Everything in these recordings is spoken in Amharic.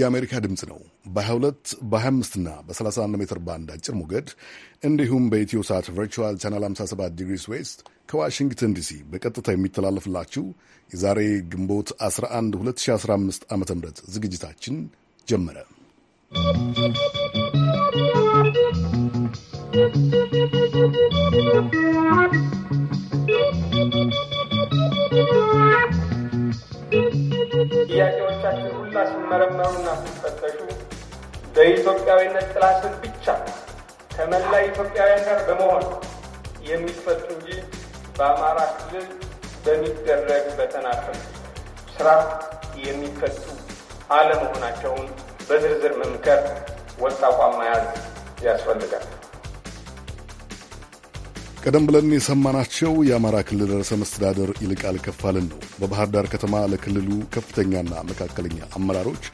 የአሜሪካ ድምፅ ነው። በ22 በ25ና በ31 ሜትር ባንድ አጭር ሞገድ እንዲሁም በኢትዮ ሳት ቨርቹዋል ቻናል 57 ዲግሪስ ዌስት ከዋሽንግተን ዲሲ በቀጥታ የሚተላለፍላችሁ የዛሬ ግንቦት 11 2015 ዓ ም ዝግጅታችን ጀመረ። ጥያቄው በጅምላ ሲመረመሩና ሲፈተሹ በኢትዮጵያዊነት ጥላ ስር ብቻ ከመላ ኢትዮጵያውያን ጋር በመሆን የሚፈቱ እንጂ በአማራ ክልል በሚደረግ በተናጠል ስራ የሚፈቱ አለመሆናቸውን በዝርዝር መምከር ወጥ አቋም መያዝ ያስፈልጋል። ቀደም ብለን የሰማናቸው የአማራ ክልል ርዕሰ መስተዳደር ይልቃል ከፋልን ነው። በባህር ዳር ከተማ ለክልሉ ከፍተኛና መካከለኛ አመራሮች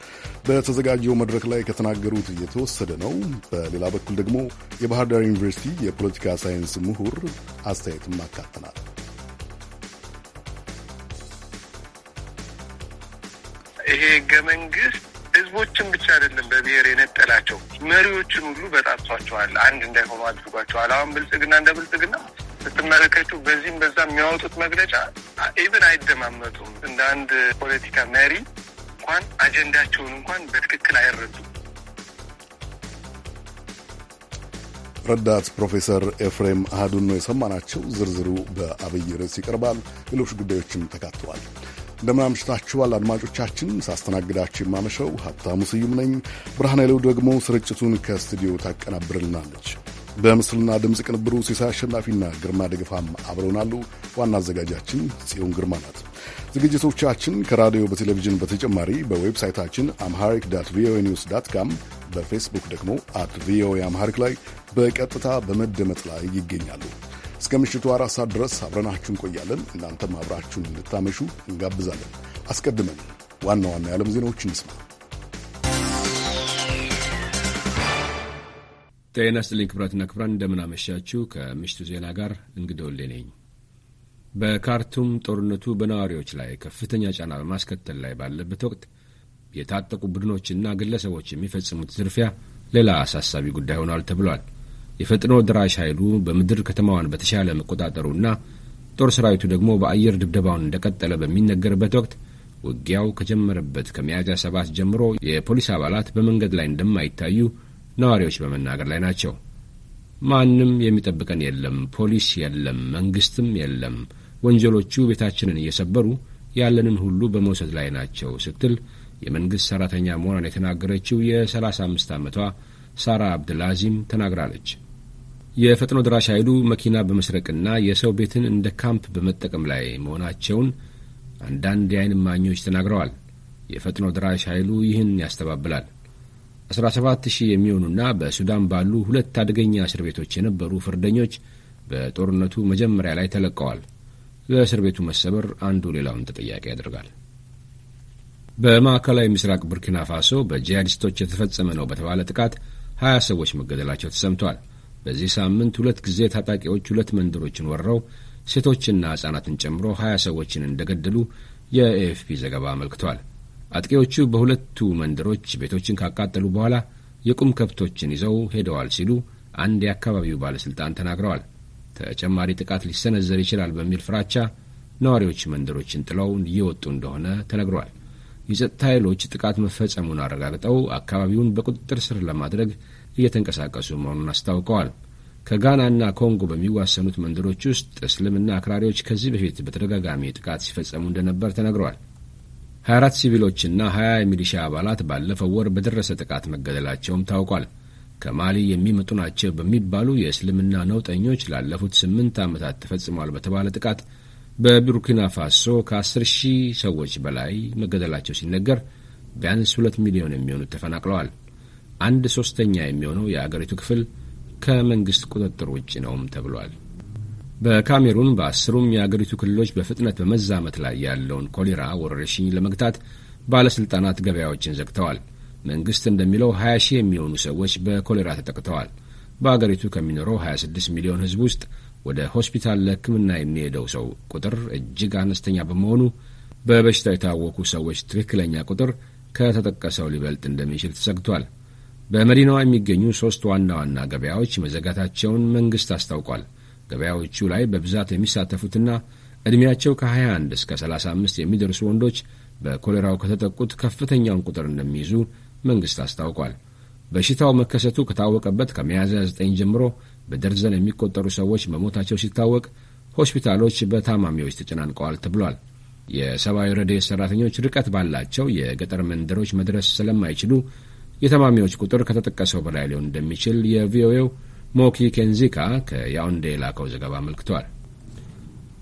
በተዘጋጀው መድረክ ላይ ከተናገሩት የተወሰደ ነው። በሌላ በኩል ደግሞ የባህር ዳር ዩኒቨርሲቲ የፖለቲካ ሳይንስ ምሁር አስተያየትም አካተናል። ይሄ ህገ መንግስት ህዝቦችን ብቻ አይደለም በብሔር የነጠላቸው መሪዎችን ሁሉ በጣቷቸዋል፣ አንድ እንዳይሆኑ አድርጓቸዋል። አሁን ብልጽግና እንደ ብልጽግና ስትመለከቱ በዚህም በዛ የሚያወጡት መግለጫ ኢብን አይደማመጡም። እንደ አንድ ፖለቲካ መሪ እንኳን አጀንዳቸውን እንኳን በትክክል አይረዱም። ረዳት ፕሮፌሰር ኤፍሬም አህዱን ነው የሰማናቸው። ዝርዝሩ በአብይ ርዕስ ይቀርባል። ሌሎች ጉዳዮችም ተካተዋል። እንደምናምሽታችኋል አድማጮቻችን። ሳስተናግዳችሁ የማመሸው ሀብታሙ ስዩም ነኝ። ብርሃን ያለው ደግሞ ስርጭቱን ከስቱዲዮ ታቀናብርልናለች። በምስልና ድምፅ ቅንብሩ ሲሳይ አሸናፊና ግርማ ደግፋም አብረውናሉ። ዋና አዘጋጃችን ጽዮን ግርማ ናት። ዝግጅቶቻችን ከራዲዮ በቴሌቪዥን በተጨማሪ በዌብሳይታችን አምሃሪክ ዳት ቪኦኤ ኒውስ ዳት ካም፣ በፌስቡክ ደግሞ አት ቪኦኤ አምሃሪክ ላይ በቀጥታ በመደመጥ ላይ ይገኛሉ። እስከ ምሽቱ አራት ሰዓት ድረስ አብረናችሁ እንቆያለን። እናንተም አብራችሁን እንድታመሹ እንጋብዛለን። አስቀድመን ዋና ዋና የዓለም ዜናዎች እንስማ። ጤና ይስጥልኝ ክቡራትና ክቡራን፣ እንደምናመሻችሁ። ከምሽቱ ዜና ጋር እንግዳ ነኝ። በካርቱም ጦርነቱ በነዋሪዎች ላይ ከፍተኛ ጫና በማስከተል ላይ ባለበት ወቅት የታጠቁ ቡድኖችና ግለሰቦች የሚፈጽሙት ዝርፊያ ሌላ አሳሳቢ ጉዳይ ሆኗል ተብሏል። የፈጥኖ ድራሽ ኃይሉ በምድር ከተማዋን በተሻለ መቆጣጠሩና ጦር ሰራዊቱ ደግሞ በአየር ድብደባውን እንደቀጠለ በሚነገርበት ወቅት ውጊያው ከጀመረበት ከሚያዝያ ሰባት ጀምሮ የፖሊስ አባላት በመንገድ ላይ እንደማይታዩ ነዋሪዎች በመናገር ላይ ናቸው። ማንም የሚጠብቀን የለም፣ ፖሊስ የለም፣ መንግስትም የለም፣ ወንጀሎቹ ቤታችንን እየሰበሩ ያለንን ሁሉ በመውሰድ ላይ ናቸው ስትል የመንግሥት ሠራተኛ መሆኗን የተናገረችው የ35 ዓመቷ ሳራ አብድልአዚም ተናግራለች። የፈጥኖ ድራሽ ኃይሉ መኪና በመስረቅና የሰው ቤትን እንደ ካምፕ በመጠቀም ላይ መሆናቸውን አንዳንድ የአይን እማኞች ተናግረዋል። የፈጥኖ ድራሽ ኃይሉ ይህን ያስተባብላል። 17 ሺህ የሚሆኑና በሱዳን ባሉ ሁለት አደገኛ እስር ቤቶች የነበሩ ፍርደኞች በጦርነቱ መጀመሪያ ላይ ተለቀዋል። ለእስር ቤቱ መሰበር አንዱ ሌላውን ተጠያቂ ያደርጋል። በማዕከላዊ ምስራቅ ቡርኪና ፋሶ በጂሃዲስቶች የተፈጸመ ነው በተባለ ጥቃት 20 ሰዎች መገደላቸው ተሰምቷል። በዚህ ሳምንት ሁለት ጊዜ ታጣቂዎች ሁለት መንደሮችን ወረው ሴቶችና ሕጻናትን ጨምሮ ሀያ ሰዎችን እንደገደሉ የኤኤፍፒ ዘገባ አመልክቷል። አጥቂዎቹ በሁለቱ መንደሮች ቤቶችን ካቃጠሉ በኋላ የቁም ከብቶችን ይዘው ሄደዋል ሲሉ አንድ የአካባቢው ባለሥልጣን ተናግረዋል። ተጨማሪ ጥቃት ሊሰነዘር ይችላል በሚል ፍራቻ ነዋሪዎች መንደሮችን ጥለው እየወጡ እንደሆነ ተነግሯል። የጸጥታ ኃይሎች ጥቃት መፈጸሙን አረጋግጠው አካባቢውን በቁጥጥር ስር ለማድረግ እየተንቀሳቀሱ መሆኑን አስታውቀዋል። ከጋናና ኮንጎ በሚዋሰኑት መንደሮች ውስጥ እስልምና አክራሪዎች ከዚህ በፊት በተደጋጋሚ ጥቃት ሲፈጸሙ እንደነበር ተነግረዋል። 24 ሲቪሎችና 20 የሚሊሻ አባላት ባለፈው ወር በደረሰ ጥቃት መገደላቸውም ታውቋል። ከማሊ የሚመጡ ናቸው በሚባሉ የእስልምና ነውጠኞች ላለፉት ስምንት ዓመታት ተፈጽሟል በተባለ ጥቃት በቡርኪና ፋሶ ከ10 ሺህ ሰዎች በላይ መገደላቸው ሲነገር ቢያንስ ሁለት ሚሊዮን የሚሆኑት ተፈናቅለዋል። አንድ ሶስተኛ የሚሆነው የአገሪቱ ክፍል ከመንግሥት ቁጥጥር ውጭ ነውም ተብሏል። በካሜሩን በአስሩም የአገሪቱ ክልሎች በፍጥነት በመዛመት ላይ ያለውን ኮሌራ ወረርሽኝ ለመግታት ባለሥልጣናት ገበያዎችን ዘግተዋል። መንግሥት እንደሚለው 20 ሺህ የሚሆኑ ሰዎች በኮሌራ ተጠቅተዋል። በአገሪቱ ከሚኖረው 26 ሚሊዮን ሕዝብ ውስጥ ወደ ሆስፒታል ለሕክምና የሚሄደው ሰው ቁጥር እጅግ አነስተኛ በመሆኑ በበሽታው የታወቁ ሰዎች ትክክለኛ ቁጥር ከተጠቀሰው ሊበልጥ እንደሚችል ተሰግቷል። በመዲናዋ የሚገኙ ሦስት ዋና ዋና ገበያዎች መዘጋታቸውን መንግሥት አስታውቋል። ገበያዎቹ ላይ በብዛት የሚሳተፉትና ዕድሜያቸው ከ21 እስከ 35 የሚደርሱ ወንዶች በኮሌራው ከተጠቁት ከፍተኛውን ቁጥር እንደሚይዙ መንግሥት አስታውቋል። በሽታው መከሰቱ ከታወቀበት ከሚያዝያ 9 ጀምሮ በደርዘን የሚቆጠሩ ሰዎች መሞታቸው ሲታወቅ ሆስፒታሎች በታማሚዎች ተጨናንቀዋል ተብሏል። የሰብአዊ ረድኤት ሠራተኞች ርቀት ባላቸው የገጠር መንደሮች መድረስ ስለማይችሉ የታማሚዎች ቁጥር ከተጠቀሰው በላይ ሊሆን እንደሚችል የቪኦኤው ሞኪ ኬንዚካ ከያኦንዴ የላከው ዘገባ አመልክቷል።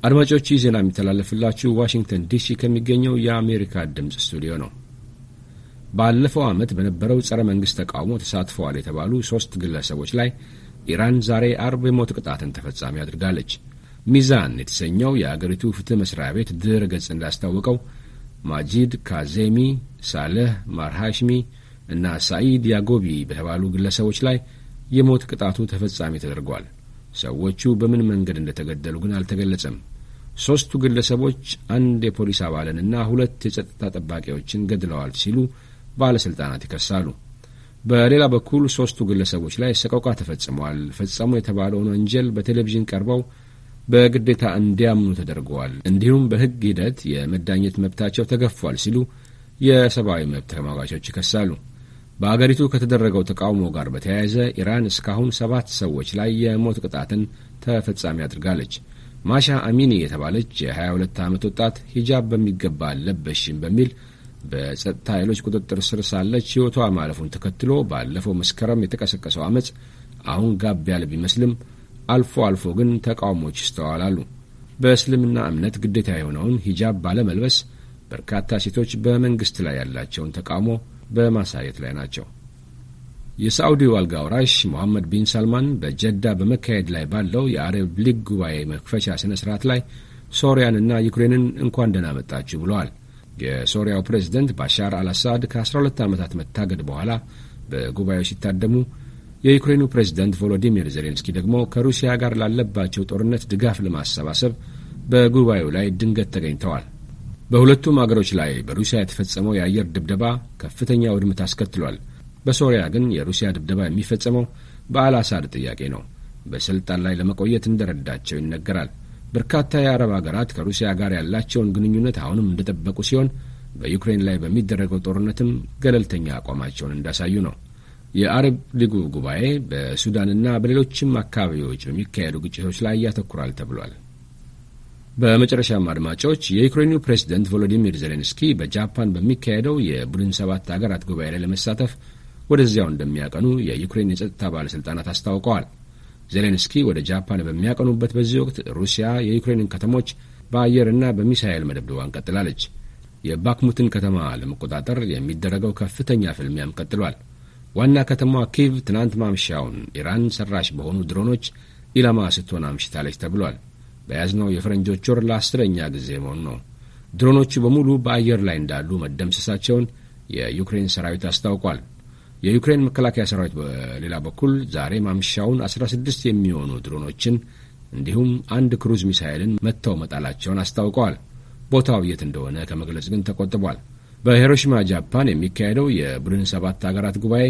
አድማጮች ይህ ዜና የሚተላለፍላችሁ ዋሽንግተን ዲሲ ከሚገኘው የአሜሪካ ድምፅ ስቱዲዮ ነው። ባለፈው ዓመት በነበረው ጸረ መንግሥት ተቃውሞ ተሳትፈዋል የተባሉ ሦስት ግለሰቦች ላይ ኢራን ዛሬ አርብ የሞት ቅጣትን ተፈጻሚ አድርጋለች። ሚዛን የተሰኘው የአገሪቱ ፍትሕ መስሪያ ቤት ድረ ገጽ እንዳስታወቀው ማጂድ ካዜሚ፣ ሳልህ ማርሃሽሚ እና ሳኢድ ያጎቢ በተባሉ ግለሰቦች ላይ የሞት ቅጣቱ ተፈጻሚ ተደርጓል። ሰዎቹ በምን መንገድ እንደተገደሉ ግን አልተገለጸም። ሦስቱ ግለሰቦች አንድ የፖሊስ አባልንና ሁለት የጸጥታ ጠባቂዎችን ገድለዋል ሲሉ ባለሥልጣናት ይከሳሉ። በሌላ በኩል ሦስቱ ግለሰቦች ላይ ሰቆቃ ተፈጽመዋል፣ ፈጸሙ የተባለውን ወንጀል በቴሌቪዥን ቀርበው በግዴታ እንዲያምኑ ተደርገዋል፣ እንዲሁም በሕግ ሂደት የመዳኘት መብታቸው ተገፏል ሲሉ የሰብአዊ መብት ተሟጋቾች ይከሳሉ። በአገሪቱ ከተደረገው ተቃውሞ ጋር በተያያዘ ኢራን እስካሁን ሰባት ሰዎች ላይ የሞት ቅጣትን ተፈጻሚ አድርጋለች። ማሻ አሚኒ የተባለች የ22 ዓመት ወጣት ሂጃብ በሚገባ ለበሽም በሚል በጸጥታ ኃይሎች ቁጥጥር ስር ሳለች ሕይወቷ ማለፉን ተከትሎ ባለፈው መስከረም የተቀሰቀሰው አመፅ አሁን ጋብ ያለ ቢመስልም አልፎ አልፎ ግን ተቃውሞች ይስተዋላሉ። በእስልምና እምነት ግዴታ የሆነውን ሂጃብ ባለመልበስ በርካታ ሴቶች በመንግስት ላይ ያላቸውን ተቃውሞ በማሳየት ላይ ናቸው። የሳዑዲው አልጋ ወራሽ ሞሐመድ ቢን ሳልማን በጀዳ በመካሄድ ላይ ባለው የአረብ ሊግ ጉባኤ መክፈቻ ስነ ስርዓት ላይ ሶሪያንና ዩክሬንን እንኳን ደህና መጣችሁ ብለዋል። የሶሪያው ፕሬዝደንት ባሻር አልአሳድ ከ12 ዓመታት መታገድ በኋላ በጉባኤው ሲታደሙ፣ የዩክሬኑ ፕሬዝደንት ቮሎዲሚር ዜሌንስኪ ደግሞ ከሩሲያ ጋር ላለባቸው ጦርነት ድጋፍ ለማሰባሰብ በጉባኤው ላይ ድንገት ተገኝተዋል። በሁለቱም አገሮች ላይ በሩሲያ የተፈጸመው የአየር ድብደባ ከፍተኛ ውድመት አስከትሏል። በሶሪያ ግን የሩሲያ ድብደባ የሚፈጸመው በአልአሳድ ጥያቄ ነው፣ በስልጣን ላይ ለመቆየት እንደረዳቸው ይነገራል። በርካታ የአረብ አገራት ከሩሲያ ጋር ያላቸውን ግንኙነት አሁንም እንደጠበቁ ሲሆን በዩክሬን ላይ በሚደረገው ጦርነትም ገለልተኛ አቋማቸውን እንዳሳዩ ነው። የአረብ ሊጉ ጉባኤ በሱዳንና በሌሎችም አካባቢዎች በሚካሄዱ ግጭቶች ላይ ያተኩራል ተብሏል። በመጨረሻም አድማጮች የዩክሬኑ ፕሬዚደንት ቮሎዲሚር ዜሌንስኪ በጃፓን በሚካሄደው የቡድን ሰባት አገራት ጉባኤ ላይ ለመሳተፍ ወደዚያው እንደሚያቀኑ የዩክሬን የጸጥታ ባለሥልጣናት አስታውቀዋል። ዜሌንስኪ ወደ ጃፓን በሚያቀኑበት በዚህ ወቅት ሩሲያ የዩክሬንን ከተሞች በአየርና በሚሳኤል መደብደቧን ቀጥላለች። የባክሙትን ከተማ ለመቆጣጠር የሚደረገው ከፍተኛ ፍልሚያም ቀጥሏል። ዋና ከተማዋ ኪቭ ትናንት ማምሻውን ኢራን ሰራሽ በሆኑ ድሮኖች ኢላማ ስትሆን አምሽታለች ተብሏል። በያዝነው የፈረንጆች ወር ለአስረኛ ጊዜ መሆኑ ነው። ድሮኖቹ በሙሉ በአየር ላይ እንዳሉ መደምሰሳቸውን የዩክሬን ሰራዊት አስታውቋል። የዩክሬን መከላከያ ሰራዊት በሌላ በኩል ዛሬ ማምሻውን 16 የሚሆኑ ድሮኖችን እንዲሁም አንድ ክሩዝ ሚሳይልን መጥተው መጣላቸውን አስታውቀዋል። ቦታው የት እንደሆነ ከመግለጽ ግን ተቆጥቧል። በሂሮሺማ ጃፓን የሚካሄደው የቡድን ሰባት አገራት ጉባኤ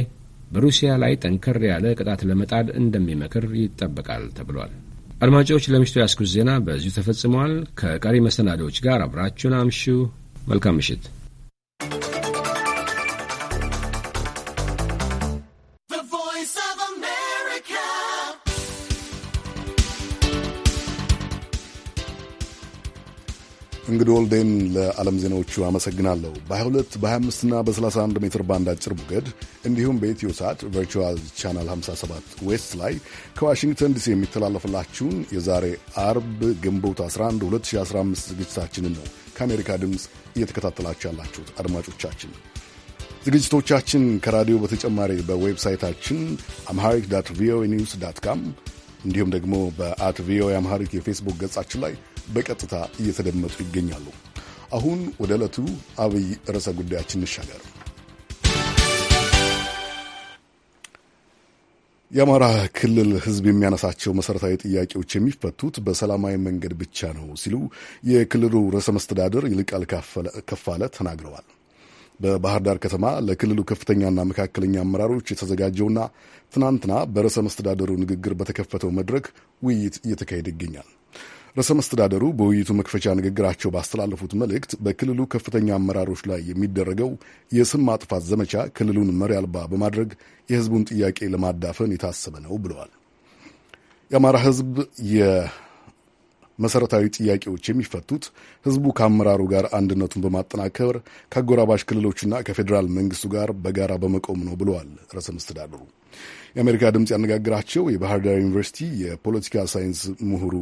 በሩሲያ ላይ ጠንከር ያለ ቅጣት ለመጣል እንደሚመክር ይጠበቃል ተብሏል። አድማጮች፣ ለምሽቱ ያስኩት ዜና በዚሁ ተፈጽመዋል። ከቀሪ መሰናዶዎች ጋር አብራችሁን አምሹ። መልካም ምሽት። እንግዲህ ወልዴን ለዓለም ዜናዎቹ አመሰግናለሁ። በ22 በ25 እና በ31 ሜትር ባንድ አጭር ሞገድ እንዲሁም በኢትዮ ሳት ቨርቹዋል ቻናል 57 ዌስት ላይ ከዋሽንግተን ዲሲ የሚተላለፍላችሁን የዛሬ አርብ ግንቦት 11 2015 ዝግጅታችንን ነው ከአሜሪካ ድምፅ እየተከታተላችሁ ያላችሁት አድማጮቻችን። ዝግጅቶቻችን ከራዲዮ በተጨማሪ በዌብሳይታችን አምሃሪክ ዳት ቪኦኤ ኒውስ ዳት ካም እንዲሁም ደግሞ በአት ቪኦኤ አምሃሪክ የፌስቡክ ገጻችን ላይ በቀጥታ እየተደመጡ ይገኛሉ። አሁን ወደ ዕለቱ አብይ ርዕሰ ጉዳያችን እንሻገር። የአማራ ክልል ሕዝብ የሚያነሳቸው መሠረታዊ ጥያቄዎች የሚፈቱት በሰላማዊ መንገድ ብቻ ነው ሲሉ የክልሉ ርዕሰ መስተዳድር ይልቃል ከፋለ ተናግረዋል። በባህር ዳር ከተማ ለክልሉ ከፍተኛና መካከለኛ አመራሮች የተዘጋጀውና ትናንትና በርዕሰ መስተዳደሩ ንግግር በተከፈተው መድረክ ውይይት እየተካሄደ ይገኛል። ርዕሰ መስተዳደሩ በውይይቱ መክፈቻ ንግግራቸው ባስተላለፉት መልእክት በክልሉ ከፍተኛ አመራሮች ላይ የሚደረገው የስም ማጥፋት ዘመቻ ክልሉን መሪ አልባ በማድረግ የህዝቡን ጥያቄ ለማዳፈን የታሰበ ነው ብለዋል። የአማራ ህዝብ የመሠረታዊ ጥያቄዎች የሚፈቱት ህዝቡ ከአመራሩ ጋር አንድነቱን በማጠናከር ከአጎራባሽ ክልሎችና ከፌዴራል መንግስቱ ጋር በጋራ በመቆም ነው ብለዋል ርዕሰ መስተዳድሩ። የአሜሪካ ድምፅ ያነጋግራቸው የባህር ዳር ዩኒቨርሲቲ የፖለቲካ ሳይንስ ምሁሩ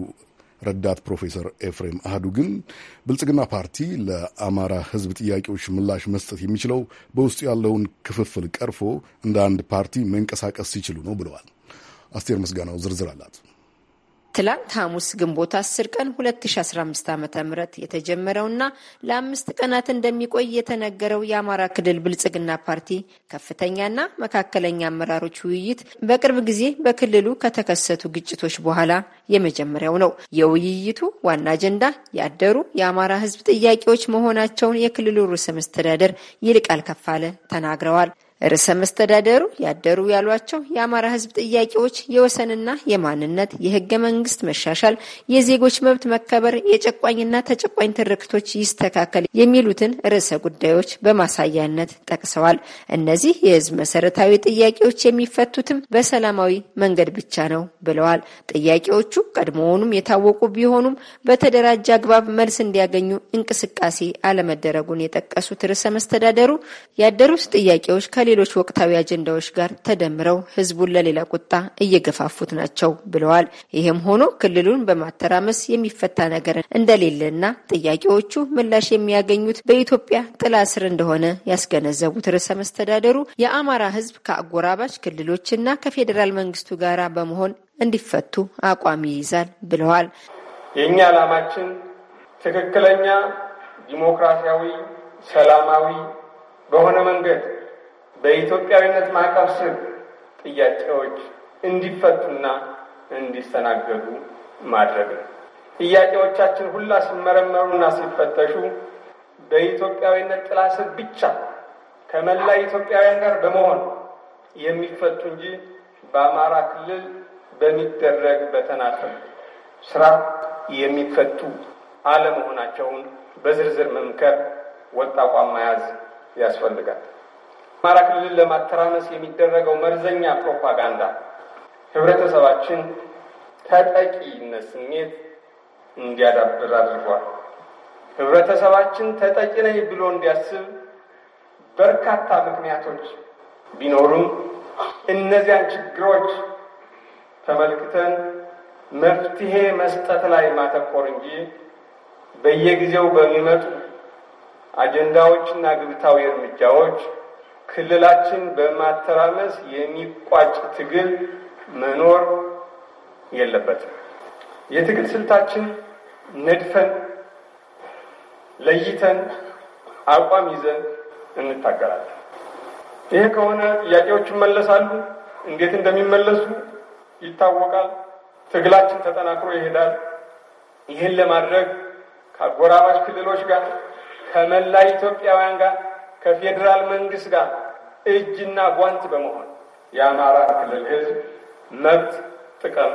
ረዳት ፕሮፌሰር ኤፍሬም አህዱ ግን ብልጽግና ፓርቲ ለአማራ ሕዝብ ጥያቄዎች ምላሽ መስጠት የሚችለው በውስጡ ያለውን ክፍፍል ቀርፎ እንደ አንድ ፓርቲ መንቀሳቀስ ሲችሉ ነው ብለዋል። አስቴር ምስጋናው ዝርዝር አላት። ትላንት ሐሙስ ግንቦት 10 ቀን 2015 ዓ ም የተጀመረውና ለአምስት ቀናት እንደሚቆይ የተነገረው የአማራ ክልል ብልጽግና ፓርቲ ከፍተኛና መካከለኛ አመራሮች ውይይት በቅርብ ጊዜ በክልሉ ከተከሰቱ ግጭቶች በኋላ የመጀመሪያው ነው። የውይይቱ ዋና አጀንዳ ያደሩ የአማራ ሕዝብ ጥያቄዎች መሆናቸውን የክልሉ ርዕሰ መስተዳደር ይልቃል ከፋለ ተናግረዋል። ርዕሰ መስተዳደሩ ያደሩ ያሏቸው የአማራ ሕዝብ ጥያቄዎች የወሰንና የማንነት፣ የህገ መንግስት መሻሻል፣ የዜጎች መብት መከበር፣ የጨቋኝና ተጨቋኝ ትርክቶች ይስተካከል የሚሉትን ርዕሰ ጉዳዮች በማሳያነት ጠቅሰዋል። እነዚህ የህዝብ መሰረታዊ ጥያቄዎች የሚፈቱትም በሰላማዊ መንገድ ብቻ ነው ብለዋል። ጥያቄዎቹ ቀድሞውኑም የታወቁ ቢሆኑም በተደራጀ አግባብ መልስ እንዲያገኙ እንቅስቃሴ አለመደረጉን የጠቀሱት ርዕሰ መስተዳደሩ ያደሩት ጥያቄዎች ከ ከሌሎች ወቅታዊ አጀንዳዎች ጋር ተደምረው ህዝቡን ለሌላ ቁጣ እየገፋፉት ናቸው ብለዋል። ይህም ሆኖ ክልሉን በማተራመስ የሚፈታ ነገር እንደሌለና ጥያቄዎቹ ምላሽ የሚያገኙት በኢትዮጵያ ጥላ ስር እንደሆነ ያስገነዘቡት ርዕሰ መስተዳደሩ የአማራ ህዝብ ከአጎራባች ክልሎችና ከፌዴራል መንግስቱ ጋር በመሆን እንዲፈቱ አቋም ይይዛል ብለዋል። የእኛ ዓላማችን ትክክለኛ ዲሞክራሲያዊ፣ ሰላማዊ በሆነ መንገድ በኢትዮጵያዊነት ማዕቀፍ ስር ጥያቄዎች እንዲፈቱና እንዲስተናገዱ ማድረግ ነው። ጥያቄዎቻችን ሁላ ሲመረመሩና ሲፈተሹ በኢትዮጵያዊነት ጥላ ስር ብቻ ከመላ ኢትዮጵያውያን ጋር በመሆን የሚፈቱ እንጂ በአማራ ክልል በሚደረግ በተናጠል ስራ የሚፈቱ አለመሆናቸውን በዝርዝር መምከር፣ ወጥ አቋም መያዝ ያስፈልጋል። አማራ ክልል ለማተራመስ የሚደረገው መርዘኛ ፕሮፓጋንዳ ህብረተሰባችን ተጠቂነት ስሜት እንዲያዳብር አድርጓል። ህብረተሰባችን ተጠቂ ነኝ ብሎ እንዲያስብ በርካታ ምክንያቶች ቢኖሩም እነዚያን ችግሮች ተመልክተን መፍትሄ መስጠት ላይ ማተኮር እንጂ በየጊዜው በሚመጡ አጀንዳዎችና ግብታዊ እርምጃዎች ክልላችን በማተራመስ የሚቋጭ ትግል መኖር የለበትም። የትግል ስልታችን ነድፈን ለይተን አቋም ይዘን እንታገላለን። ይሄ ከሆነ ጥያቄዎች ይመለሳሉ። እንዴት እንደሚመለሱ ይታወቃል። ትግላችን ተጠናክሮ ይሄዳል። ይህን ለማድረግ ከአጎራባች ክልሎች ጋር ከመላ ኢትዮጵያውያን ጋር ከፌዴራል መንግስት ጋር እጅና ጓንት በመሆን የአማራ ክልል ህዝብ መብት ጥቅም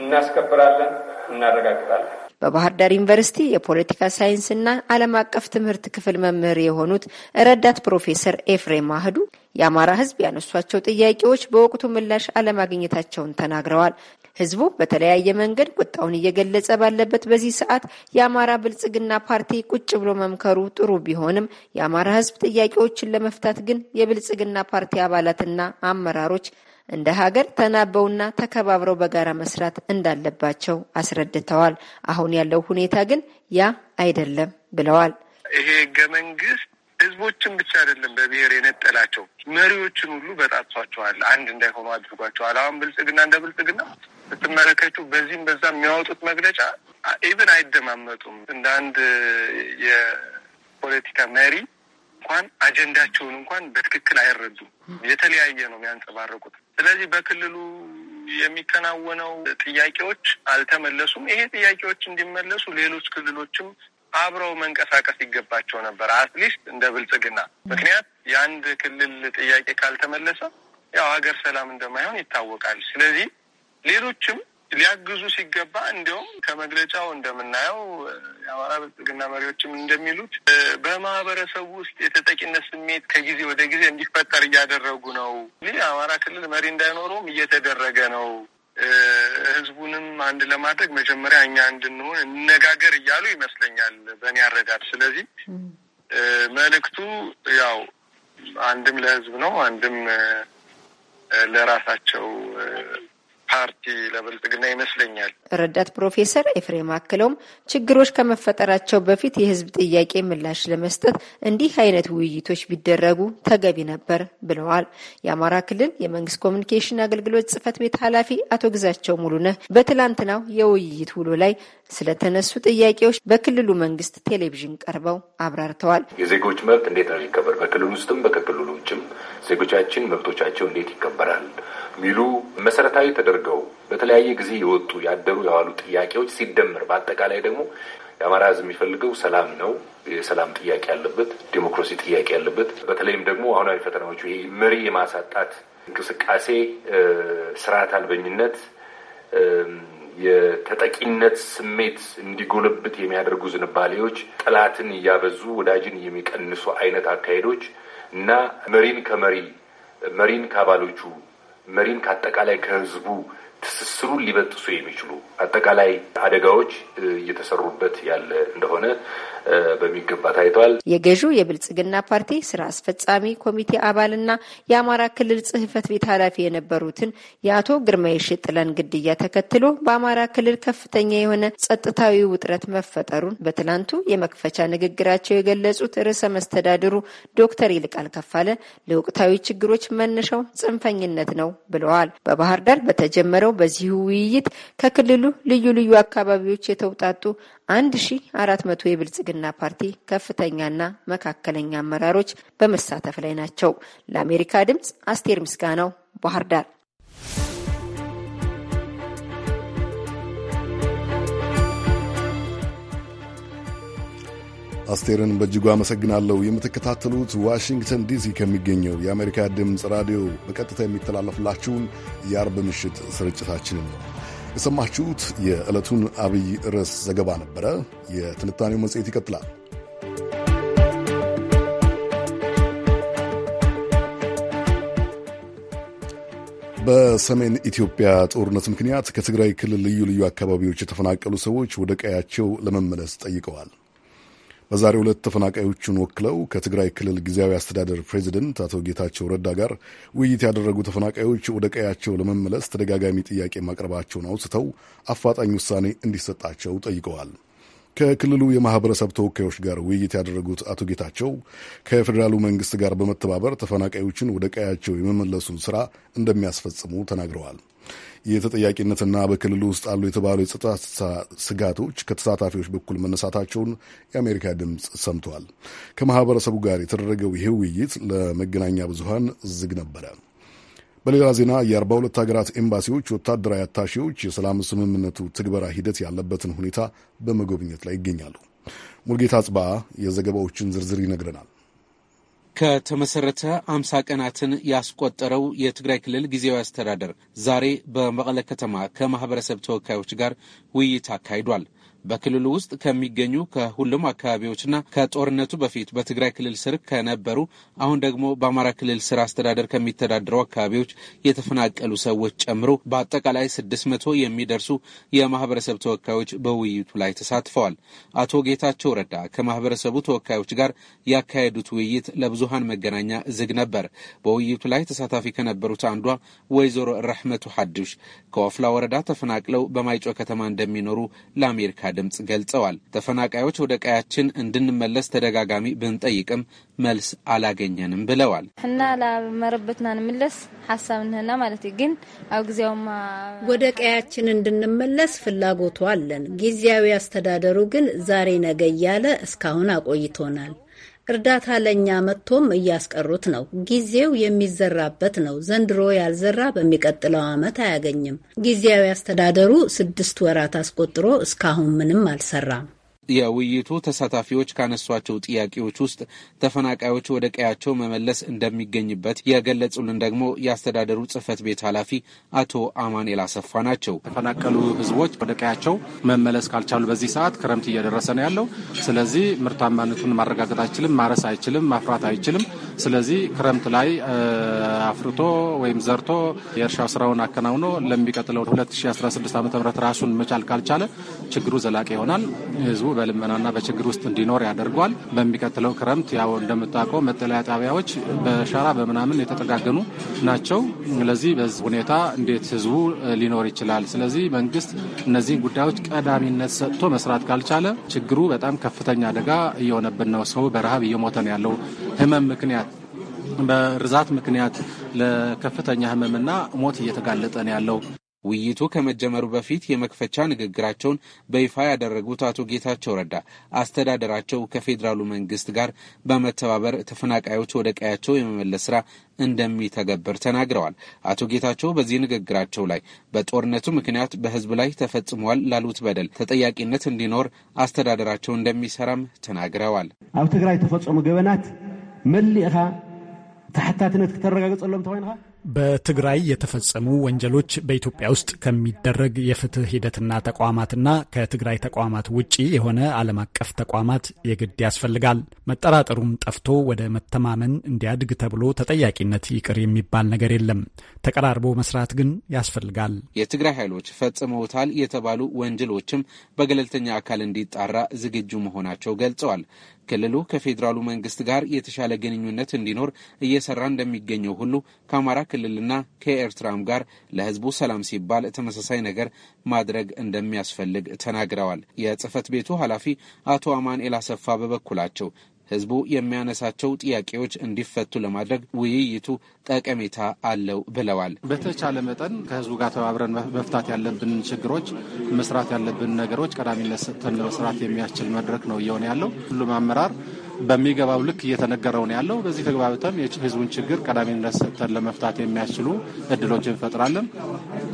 እናስከብራለን፣ እናረጋግጣለን። በባህር ዳር ዩኒቨርሲቲ የፖለቲካ ሳይንስና ዓለም አቀፍ ትምህርት ክፍል መምህር የሆኑት ረዳት ፕሮፌሰር ኤፍሬም አህዱ የአማራ ሕዝብ ያነሷቸው ጥያቄዎች በወቅቱ ምላሽ አለማግኘታቸውን ተናግረዋል። ሕዝቡ በተለያየ መንገድ ቁጣውን እየገለጸ ባለበት በዚህ ሰዓት የአማራ ብልጽግና ፓርቲ ቁጭ ብሎ መምከሩ ጥሩ ቢሆንም የአማራ ሕዝብ ጥያቄዎችን ለመፍታት ግን የብልጽግና ፓርቲ አባላትና አመራሮች እንደ ሀገር ተናበውና ተከባብረው በጋራ መስራት እንዳለባቸው አስረድተዋል። አሁን ያለው ሁኔታ ግን ያ አይደለም ብለዋል። ይሄ ህገ መንግስት ህዝቦችን ብቻ አይደለም በብሔር የነጠላቸው መሪዎችን ሁሉ በጣቷቸዋል፣ አንድ እንዳይሆኑ አድርጓቸዋል። አሁን ብልጽግና እንደ ብልጽግና ስትመለከቱ በዚህም በዛ የሚያወጡት መግለጫ ኢብን አይደማመጡም። እንደ አንድ የፖለቲካ መሪ እንኳን አጀንዳቸውን እንኳን በትክክል አይረዱም። የተለያየ ነው የሚያንጸባረቁት። ስለዚህ በክልሉ የሚከናወነው ጥያቄዎች አልተመለሱም። ይሄ ጥያቄዎች እንዲመለሱ ሌሎች ክልሎችም አብረው መንቀሳቀስ ይገባቸው ነበር፣ አትሊስት እንደ ብልጽግና። ምክንያት የአንድ ክልል ጥያቄ ካልተመለሰ ያው ሀገር ሰላም እንደማይሆን ይታወቃል። ስለዚህ ሌሎችም ሊያግዙ ሲገባ እንዲሁም ከመግለጫው እንደምናየው የአማራ ብልጽግና መሪዎችም እንደሚሉት በማህበረሰቡ ውስጥ የተጠቂነት ስሜት ከጊዜ ወደ ጊዜ እንዲፈጠር እያደረጉ ነው። ይህ የአማራ ክልል መሪ እንዳይኖረውም እየተደረገ ነው። ህዝቡንም አንድ ለማድረግ መጀመሪያ እኛ እንድንሆን እነጋገር እያሉ ይመስለኛል በእኔ አረዳድ። ስለዚህ መልእክቱ ያው አንድም ለህዝብ ነው፣ አንድም ለራሳቸው ፓርቲ ለብልጽግና ይመስለኛል። ረዳት ፕሮፌሰር ኤፍሬም አክለውም ችግሮች ከመፈጠራቸው በፊት የህዝብ ጥያቄ ምላሽ ለመስጠት እንዲህ አይነት ውይይቶች ቢደረጉ ተገቢ ነበር ብለዋል። የአማራ ክልል የመንግስት ኮሚኒኬሽን አገልግሎት ጽህፈት ቤት ኃላፊ አቶ ግዛቸው ሙሉነህ በትላንትናው የውይይት ውሎ ላይ ስለተነሱ ጥያቄዎች በክልሉ መንግስት ቴሌቪዥን ቀርበው አብራርተዋል። የዜጎች መብት እንዴት ነው ሊከበር በክልል ውስጥም በክልሉ ውጭም ዜጎቻችን መብቶቻቸው እንዴት ይከበራል ሚሉ መሰረታዊ ተደርገው በተለያየ ጊዜ የወጡ ያደሩ የዋሉ ጥያቄዎች ሲደመር በአጠቃላይ ደግሞ የአማራ ሕዝብ የሚፈልገው ሰላም ነው። የሰላም ጥያቄ ያለበት፣ ዴሞክራሲ ጥያቄ ያለበት፣ በተለይም ደግሞ አሁናዊ ፈተናዎቹ ይሄ መሪ የማሳጣት እንቅስቃሴ፣ ስርዓት አልበኝነት፣ የተጠቂነት ስሜት እንዲጎለብት የሚያደርጉ ዝንባሌዎች፣ ጠላትን እያበዙ ወዳጅን የሚቀንሱ አይነት አካሄዶች እና መሪን ከመሪ መሪን ከአባሎቹ መሪን ከአጠቃላይ ከህዝቡ ትስስሩን ሊበጥሱ የሚችሉ አጠቃላይ አደጋዎች እየተሰሩበት ያለ እንደሆነ በሚገባ ታይተዋል። የገዢው የብልጽግና ፓርቲ ስራ አስፈጻሚ ኮሚቴ አባልና የአማራ ክልል ጽህፈት ቤት ኃላፊ የነበሩትን የአቶ ግርማይ ሽጥለን ግድያ ተከትሎ በአማራ ክልል ከፍተኛ የሆነ ጸጥታዊ ውጥረት መፈጠሩን በትናንቱ የመክፈቻ ንግግራቸው የገለጹት ርዕሰ መስተዳድሩ ዶክተር ይልቃል ከፋለ ለወቅታዊ ችግሮች መነሻው ጽንፈኝነት ነው ብለዋል። በባህር ዳር በተጀመረው በዚህ ውይይት ከክልሉ ልዩ ልዩ አካባቢዎች የተውጣጡ አንድ ሺ አራት መቶ የብልጽግና ፓርቲ ከፍተኛና መካከለኛ አመራሮች በመሳተፍ ላይ ናቸው። ለአሜሪካ ድምጽ አስቴር ምስጋናው ባህር ዳር አስቴርን በእጅጉ አመሰግናለሁ። የምትከታተሉት ዋሽንግተን ዲሲ ከሚገኘው የአሜሪካ ድምፅ ራዲዮ በቀጥታ የሚተላለፍላችሁን የአርብ ምሽት ስርጭታችንን ነው። የሰማችሁት የዕለቱን አብይ ርዕስ ዘገባ ነበረ። የትንታኔው መጽሔት ይቀጥላል። በሰሜን ኢትዮጵያ ጦርነት ምክንያት ከትግራይ ክልል ልዩ ልዩ አካባቢዎች የተፈናቀሉ ሰዎች ወደ ቀያቸው ለመመለስ ጠይቀዋል። በዛሬ ሁለት ተፈናቃዮቹን ወክለው ከትግራይ ክልል ጊዜያዊ አስተዳደር ፕሬዚደንት አቶ ጌታቸው ረዳ ጋር ውይይት ያደረጉ ተፈናቃዮች ወደ ቀያቸው ለመመለስ ተደጋጋሚ ጥያቄ ማቅረባቸውን አውስተው አፋጣኝ ውሳኔ እንዲሰጣቸው ጠይቀዋል። ከክልሉ የማህበረሰብ ተወካዮች ጋር ውይይት ያደረጉት አቶ ጌታቸው ከፌዴራሉ መንግስት ጋር በመተባበር ተፈናቃዮችን ወደ ቀያቸው የመመለሱን ስራ እንደሚያስፈጽሙ ተናግረዋል። የተጠያቂነትና በክልሉ ውስጥ አሉ የተባሉ የጸጥታ ስጋቶች ከተሳታፊዎች በኩል መነሳታቸውን የአሜሪካ ድምፅ ሰምተዋል። ከማህበረሰቡ ጋር የተደረገው ይህ ውይይት ለመገናኛ ብዙሃን ዝግ ነበረ። በሌላ ዜና የአርባ ሁለት ሀገራት ኤምባሲዎች ወታደራዊ አታሺዎች የሰላም ስምምነቱ ትግበራ ሂደት ያለበትን ሁኔታ በመጎብኘት ላይ ይገኛሉ። ሙልጌታ ጽባ የዘገባዎችን ዝርዝር ይነግረናል። ከተመሰረተ አምሳ ቀናትን ያስቆጠረው የትግራይ ክልል ጊዜያዊ አስተዳደር ዛሬ በመቀለ ከተማ ከማህበረሰብ ተወካዮች ጋር ውይይት አካሂዷል። በክልሉ ውስጥ ከሚገኙ ከሁሉም አካባቢዎችና ከጦርነቱ በፊት በትግራይ ክልል ስር ከነበሩ አሁን ደግሞ በአማራ ክልል ስር አስተዳደር ከሚተዳደሩ አካባቢዎች የተፈናቀሉ ሰዎች ጨምሮ በአጠቃላይ ስድስት መቶ የሚደርሱ የማህበረሰብ ተወካዮች በውይይቱ ላይ ተሳትፈዋል። አቶ ጌታቸው ረዳ ከማህበረሰቡ ተወካዮች ጋር ያካሄዱት ውይይት ለብዙሃን መገናኛ ዝግ ነበር። በውይይቱ ላይ ተሳታፊ ከነበሩት አንዷ ወይዘሮ ረህመቱ ሐዱሽ ከወፍላ ወረዳ ተፈናቅለው በማይጮ ከተማ እንደሚኖሩ ለአሜሪካ ድምፅ ገልጸዋል። ተፈናቃዮች ወደ ቀያችን እንድንመለስ ተደጋጋሚ ብንጠይቅም መልስ አላገኘንም ብለዋል። ሕና ላመረበትና ንምለስ ሀሳብ ንህና ማለት ግን ኣብ ግዜያውማ ወደ ቀያችን እንድንመለስ ፍላጎቱ አለን። ጊዜያዊ አስተዳደሩ ግን ዛሬ ነገ እያለ እስካሁን አቆይቶናል። እርዳታ ለእኛ መጥቶም እያስቀሩት ነው። ጊዜው የሚዘራበት ነው። ዘንድሮ ያልዘራ በሚቀጥለው ዓመት አያገኝም። ጊዜያዊ አስተዳደሩ ስድስት ወራት አስቆጥሮ እስካሁን ምንም አልሰራም። የውይይቱ ተሳታፊዎች ካነሷቸው ጥያቄዎች ውስጥ ተፈናቃዮች ወደ ቀያቸው መመለስ እንደሚገኝበት የገለጹልን ደግሞ የአስተዳደሩ ጽህፈት ቤት ኃላፊ አቶ አማኔል አሰፋ ናቸው። ተፈናቀሉ ህዝቦች ወደ ቀያቸው መመለስ ካልቻሉ በዚህ ሰዓት ክረምት እየደረሰ ነው ያለው። ስለዚህ ምርታማነቱን ማረጋገጥ አይችልም፣ ማረስ አይችልም፣ ማፍራት አይችልም። ስለዚህ ክረምት ላይ አፍርቶ ወይም ዘርቶ የእርሻ ስራውን አከናውኖ ለሚቀጥለው 2016 ዓ ም ራሱን መቻል ካልቻለ ችግሩ ዘላቂ ይሆናል። ህዝቡ በልመናና በችግር ውስጥ እንዲኖር ያደርጓል። በሚቀጥለው ክረምት ያው እንደምታውቀው መጠለያ ጣቢያዎች በሸራ በምናምን የተጠጋገኑ ናቸው። ስለዚህ በዚህ ሁኔታ እንዴት ህዝቡ ሊኖር ይችላል? ስለዚህ መንግስት እነዚህን ጉዳዮች ቀዳሚነት ሰጥቶ መስራት ካልቻለ ችግሩ በጣም ከፍተኛ አደጋ እየሆነብን ነው። ሰው በረሃብ እየሞተ ነው ያለው ህመም ምክንያት በርዛት ምክንያት ለከፍተኛ ህመምና ሞት እየተጋለጠ ነው ያለው። ውይይቱ ከመጀመሩ በፊት የመክፈቻ ንግግራቸውን በይፋ ያደረጉት አቶ ጌታቸው ረዳ አስተዳደራቸው ከፌዴራሉ መንግስት ጋር በመተባበር ተፈናቃዮች ወደ ቀያቸው የመመለስ ስራ እንደሚተገብር ተናግረዋል። አቶ ጌታቸው በዚህ ንግግራቸው ላይ በጦርነቱ ምክንያት በህዝብ ላይ ተፈጽሟል ላሉት በደል ተጠያቂነት እንዲኖር አስተዳደራቸው እንደሚሰራም ተናግረዋል። አብ ትግራይ ተፈጸሙ ገበናት መሊእኻ ታሕታትነት ክተረጋገጸሎም ተኮይንካ በትግራይ የተፈጸሙ ወንጀሎች በኢትዮጵያ ውስጥ ከሚደረግ የፍትህ ሂደትና ተቋማትና ከትግራይ ተቋማት ውጪ የሆነ ዓለም አቀፍ ተቋማት የግድ ያስፈልጋል። መጠራጠሩም ጠፍቶ ወደ መተማመን እንዲያድግ ተብሎ ተጠያቂነት ይቅር የሚባል ነገር የለም። ተቀራርቦ መስራት ግን ያስፈልጋል። የትግራይ ኃይሎች ፈጽመውታል የተባሉ ወንጀሎችም በገለልተኛ አካል እንዲጣራ ዝግጁ መሆናቸው ገልጸዋል። ክልሉ ከፌዴራሉ መንግስት ጋር የተሻለ ግንኙነት እንዲኖር እየሰራ እንደሚገኘው ሁሉ ከአማራ ክልልና ከኤርትራም ጋር ለህዝቡ ሰላም ሲባል ተመሳሳይ ነገር ማድረግ እንደሚያስፈልግ ተናግረዋል። የጽህፈት ቤቱ ኃላፊ አቶ አማንኤል አሰፋ በበኩላቸው ህዝቡ የሚያነሳቸው ጥያቄዎች እንዲፈቱ ለማድረግ ውይይቱ ጠቀሜታ አለው ብለዋል። በተቻለ መጠን ከህዝቡ ጋር ተባብረን መፍታት ያለብን ችግሮች፣ መስራት ያለብን ነገሮች ቀዳሚነት ሰጥተን ለመስራት የሚያስችል መድረክ ነው እየሆነ ያለው ሁሉም አመራር በሚገባው ልክ እየተነገረው ነው ያለው። በዚህ ተግባብተን የህዝቡን ችግር ቀዳሚነት ሰጥተን ለመፍታት የሚያስችሉ እድሎች እንፈጥራለን።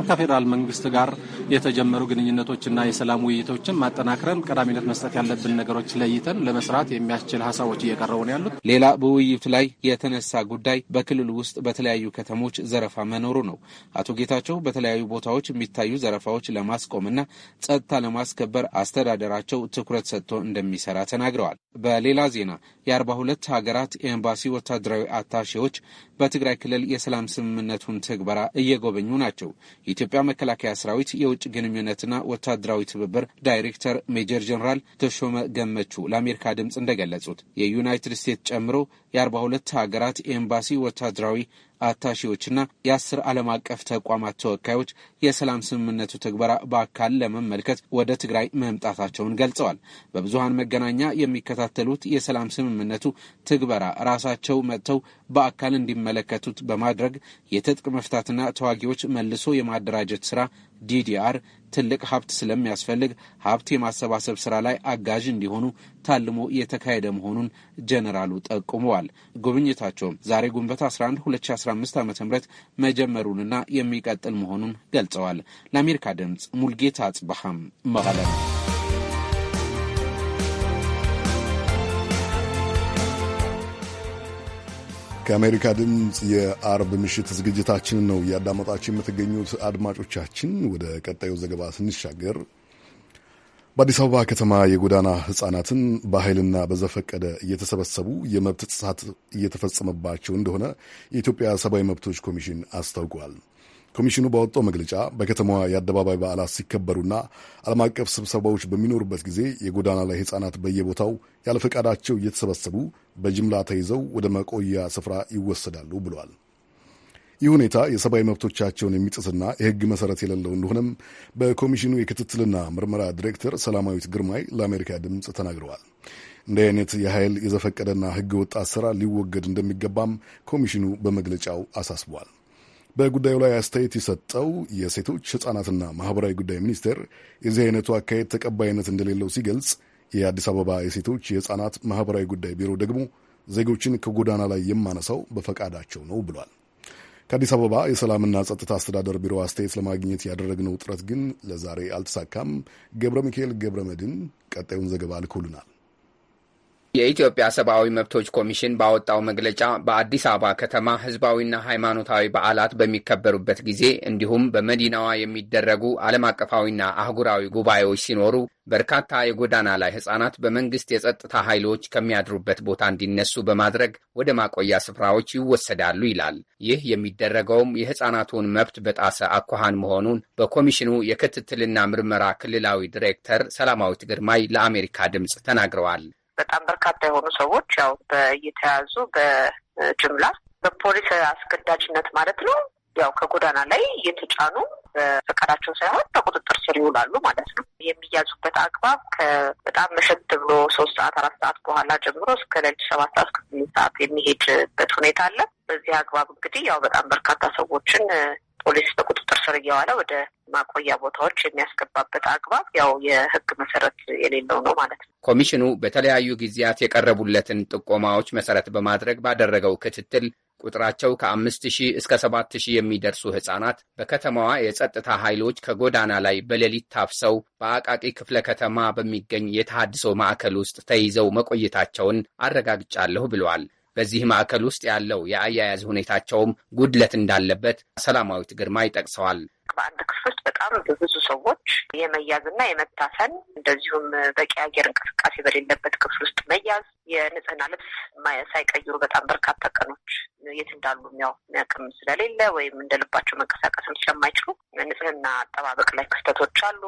ከፌዴራል መንግስት ጋር የተጀመሩ ግንኙነቶችና የሰላም ውይይቶችን ማጠናክረን ቀዳሚነት መስጠት ያለብን ነገሮች ለይተን ለመስራት የሚያስችል ሀሳቦች እየቀረቡ ነው ያሉት። ሌላ በውይይቱ ላይ የተነሳ ጉዳይ በክልሉ ውስጥ በተለያዩ ከተሞች ዘረፋ መኖሩ ነው። አቶ ጌታቸው በተለያዩ ቦታዎች የሚታዩ ዘረፋዎች ለማስቆምና ጸጥታ ለማስከበር አስተዳደራቸው ትኩረት ሰጥቶ እንደሚሰራ ተናግረዋል። በሌላ ዜና ኢትዮጵያና የአርባ ሁለት ሀገራት ኤምባሲ ወታደራዊ አታሼዎች በትግራይ ክልል የሰላም ስምምነቱን ትግበራ እየጎበኙ ናቸው። የኢትዮጵያ መከላከያ ሰራዊት የውጭ ግንኙነትና ወታደራዊ ትብብር ዳይሬክተር ሜጀር ጀኔራል ተሾመ ገመቹ ለአሜሪካ ድምፅ እንደገለጹት የዩናይትድ ስቴትስ ጨምሮ የአርባ ሁለት ሀገራት ኤምባሲ ወታደራዊ አታሺዎችና የአስር ዓለም አቀፍ ተቋማት ተወካዮች የሰላም ስምምነቱ ትግበራ በአካል ለመመልከት ወደ ትግራይ መምጣታቸውን ገልጸዋል። በብዙሀን መገናኛ የሚከታተሉት የሰላም ስምምነቱ ትግበራ ራሳቸው መጥተው በአካል እንዲመለከቱት በማድረግ የትጥቅ መፍታትና ተዋጊዎች መልሶ የማደራጀት ስራ ዲዲአር ትልቅ ሀብት ስለሚያስፈልግ ሀብት የማሰባሰብ ስራ ላይ አጋዥ እንዲሆኑ ታልሞ የተካሄደ መሆኑን ጀነራሉ ጠቁመዋል። ጉብኝታቸውም ዛሬ ግንቦት 11 2015 ዓ ም መጀመሩንና የሚቀጥል መሆኑን ገልጸዋል። ለአሜሪካ ድምፅ ሙልጌታ አጽባሃም ። መቀለ ከአሜሪካ ድምፅ የአርብ ምሽት ዝግጅታችንን ነው እያዳመጣችሁ የምትገኙት አድማጮቻችን። ወደ ቀጣዩ ዘገባ ስንሻገር በአዲስ አበባ ከተማ የጎዳና ህጻናትን በኃይልና በዘፈቀደ እየተሰበሰቡ የመብት ጥሰት እየተፈጸመባቸው እንደሆነ የኢትዮጵያ ሰብአዊ መብቶች ኮሚሽን አስታውቋል። ኮሚሽኑ ባወጣው መግለጫ በከተማዋ የአደባባይ በዓላት ሲከበሩና ዓለም አቀፍ ስብሰባዎች በሚኖሩበት ጊዜ የጎዳና ላይ ሕፃናት በየቦታው ያለፈቃዳቸው እየተሰበሰቡ በጅምላ ተይዘው ወደ መቆያ ስፍራ ይወሰዳሉ ብሏል። ይህ ሁኔታ የሰብአዊ መብቶቻቸውን የሚጥስና የሕግ መሠረት የሌለው እንደሆነም በኮሚሽኑ የክትትልና ምርመራ ዲሬክተር ሰላማዊት ግርማይ ለአሜሪካ ድምፅ ተናግረዋል። እንዲህ አይነት የኃይል የዘፈቀደና ሕገ ወጥ አሰራር ሊወገድ እንደሚገባም ኮሚሽኑ በመግለጫው አሳስቧል። በጉዳዩ ላይ አስተያየት የሰጠው የሴቶች ሕጻናትና ማህበራዊ ጉዳይ ሚኒስቴር የዚህ አይነቱ አካሄድ ተቀባይነት እንደሌለው ሲገልጽ፣ የአዲስ አበባ የሴቶች የሕጻናት ማህበራዊ ጉዳይ ቢሮ ደግሞ ዜጎችን ከጎዳና ላይ የማነሳው በፈቃዳቸው ነው ብሏል። ከአዲስ አበባ የሰላምና ጸጥታ አስተዳደር ቢሮ አስተያየት ለማግኘት ያደረግነው ጥረት ግን ለዛሬ አልተሳካም። ገብረ ሚካኤል ገብረ መድን ቀጣዩን ዘገባ ልኮልናል። የኢትዮጵያ ሰብአዊ መብቶች ኮሚሽን ባወጣው መግለጫ በአዲስ አበባ ከተማ ሕዝባዊና ሃይማኖታዊ በዓላት በሚከበሩበት ጊዜ እንዲሁም በመዲናዋ የሚደረጉ ዓለም አቀፋዊና አህጉራዊ ጉባኤዎች ሲኖሩ በርካታ የጎዳና ላይ ህጻናት በመንግስት የጸጥታ ኃይሎች ከሚያድሩበት ቦታ እንዲነሱ በማድረግ ወደ ማቆያ ስፍራዎች ይወሰዳሉ ይላል። ይህ የሚደረገውም የሕፃናቱን መብት በጣሰ አኳኋን መሆኑን በኮሚሽኑ የክትትልና ምርመራ ክልላዊ ዲሬክተር ሰላማዊት ግርማይ ለአሜሪካ ድምፅ ተናግረዋል። በጣም በርካታ የሆኑ ሰዎች ያው እየተያዙ በጅምላ በፖሊስ አስገዳጅነት ማለት ነው ያው ከጎዳና ላይ እየተጫኑ በፈቃዳቸው ሳይሆን በቁጥጥር ስር ይውላሉ ማለት ነው። የሚያዙበት አግባብ ከበጣም መሸት ብሎ ሶስት ሰዓት አራት ሰዓት በኋላ ጀምሮ እስከ ሌሊት ሰባት ሰዓት እስከ ስምንት ሰዓት የሚሄድበት ሁኔታ አለ። በዚህ አግባብ እንግዲህ ያው በጣም በርካታ ሰዎችን ፖሊስ በቁጥጥር ስር እየዋለ ወደ ማቆያ ቦታዎች የሚያስገባበት አግባብ ያው የህግ መሰረት የሌለው ነው ማለት ነው። ኮሚሽኑ በተለያዩ ጊዜያት የቀረቡለትን ጥቆማዎች መሰረት በማድረግ ባደረገው ክትትል ቁጥራቸው ከአምስት ሺህ እስከ ሰባት ሺህ የሚደርሱ ህጻናት በከተማዋ የጸጥታ ኃይሎች ከጎዳና ላይ በሌሊት ታፍሰው በአቃቂ ክፍለ ከተማ በሚገኝ የተሃድሶ ማዕከል ውስጥ ተይዘው መቆየታቸውን አረጋግጫለሁ ብለዋል። በዚህ ማዕከል ውስጥ ያለው የአያያዝ ሁኔታቸውም ጉድለት እንዳለበት ሰላማዊት ግርማይ ይጠቅሰዋል። በአንድ ክፍል ውስጥ በጣም በብዙ ሰዎች የመያዝና የመታፈን እንደዚሁም በቂ አየር እንቅስቃሴ በሌለበት ክፍል ውስጥ መያዝ፣ የንጽህና ልብስ ሳይቀይሩ በጣም በርካታ ቀኖች የት እንዳሉ የሚያው የሚያቅም ስለሌለ ወይም እንደ ልባቸው መንቀሳቀስም ስለማይችሉ ንጽህና አጠባበቅ ላይ ክፍተቶች አሉ።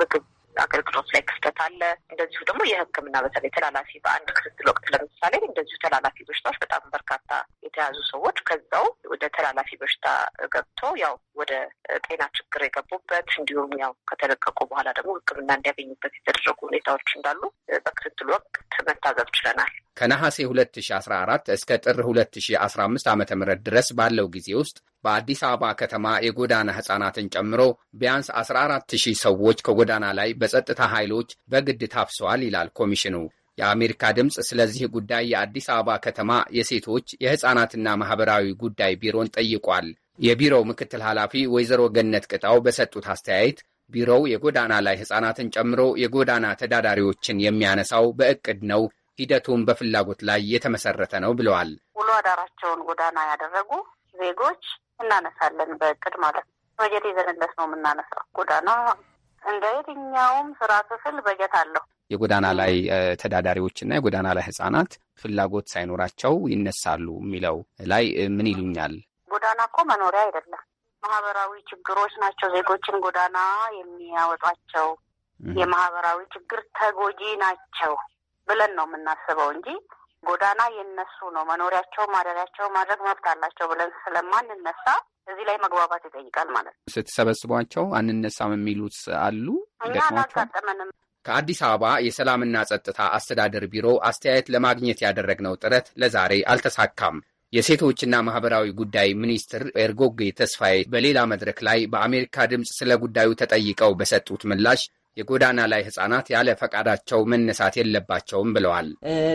ምግብ አገልግሎት ላይ ክፍተት አለ። እንደዚሁ ደግሞ የሕክምና በተለይ ተላላፊ በአንድ ክትትል ወቅት ለምሳሌ እንደዚሁ ተላላፊ በሽታዎች በጣም በርካታ የተያዙ ሰዎች ከዛው ወደ ተላላፊ በሽታ ገብቶ ያው ወደ ጤና ችግር የገቡበት እንዲሁም ያው ከተለቀቁ በኋላ ደግሞ ሕክምና እንዲያገኙበት የተደረጉ ሁኔታዎች እንዳሉ በክትትል ወቅት መታዘብ ችለናል። ከነሐሴ 2014 እስከ ጥር 2015 ዓ ም ድረስ ባለው ጊዜ ውስጥ በአዲስ አበባ ከተማ የጎዳና ሕፃናትን ጨምሮ ቢያንስ 14000 ሰዎች ከጎዳና ላይ በጸጥታ ኃይሎች በግድ ታፍሰዋል ይላል ኮሚሽኑ። የአሜሪካ ድምፅ ስለዚህ ጉዳይ የአዲስ አበባ ከተማ የሴቶች የሕፃናትና ማኅበራዊ ጉዳይ ቢሮን ጠይቋል። የቢሮው ምክትል ኃላፊ ወይዘሮ ገነት ቅጣው በሰጡት አስተያየት ቢሮው የጎዳና ላይ ሕፃናትን ጨምሮ የጎዳና ተዳዳሪዎችን የሚያነሳው በእቅድ ነው፣ ሂደቱም በፍላጎት ላይ የተመሰረተ ነው ብለዋል። ውሎ አዳራቸውን ጎዳና ያደረጉ ዜጎች እናነሳለን። በእቅድ ማለት ነው። በጀት ይዘንለት ነው የምናነሳው። ጎዳና እንደ የትኛውም ስራ ክፍል በጀት አለው። የጎዳና ላይ ተዳዳሪዎችና የጎዳና ላይ ህጻናት ፍላጎት ሳይኖራቸው ይነሳሉ የሚለው ላይ ምን ይሉኛል? ጎዳና እኮ መኖሪያ አይደለም። ማህበራዊ ችግሮች ናቸው ዜጎችን ጎዳና የሚያወጧቸው። የማህበራዊ ችግር ተጎጂ ናቸው ብለን ነው የምናስበው እንጂ ጎዳና የነሱ ነው፣ መኖሪያቸው ማደሪያቸው ማድረግ መብት አላቸው ብለን ስለማንነሳ እዚህ ላይ መግባባት ይጠይቃል ማለት ነው። ስትሰበስቧቸው አንነሳም የሚሉት አሉ። እኛ አላጋጠመንም። ከአዲስ አበባ የሰላምና ጸጥታ አስተዳደር ቢሮ አስተያየት ለማግኘት ያደረግነው ጥረት ለዛሬ አልተሳካም። የሴቶችና ማህበራዊ ጉዳይ ሚኒስትር ኤርጎጌ ተስፋዬ በሌላ መድረክ ላይ በአሜሪካ ድምፅ ስለ ጉዳዩ ተጠይቀው በሰጡት ምላሽ የጎዳና ላይ ህጻናት ያለ ፈቃዳቸው መነሳት የለባቸውም ብለዋል።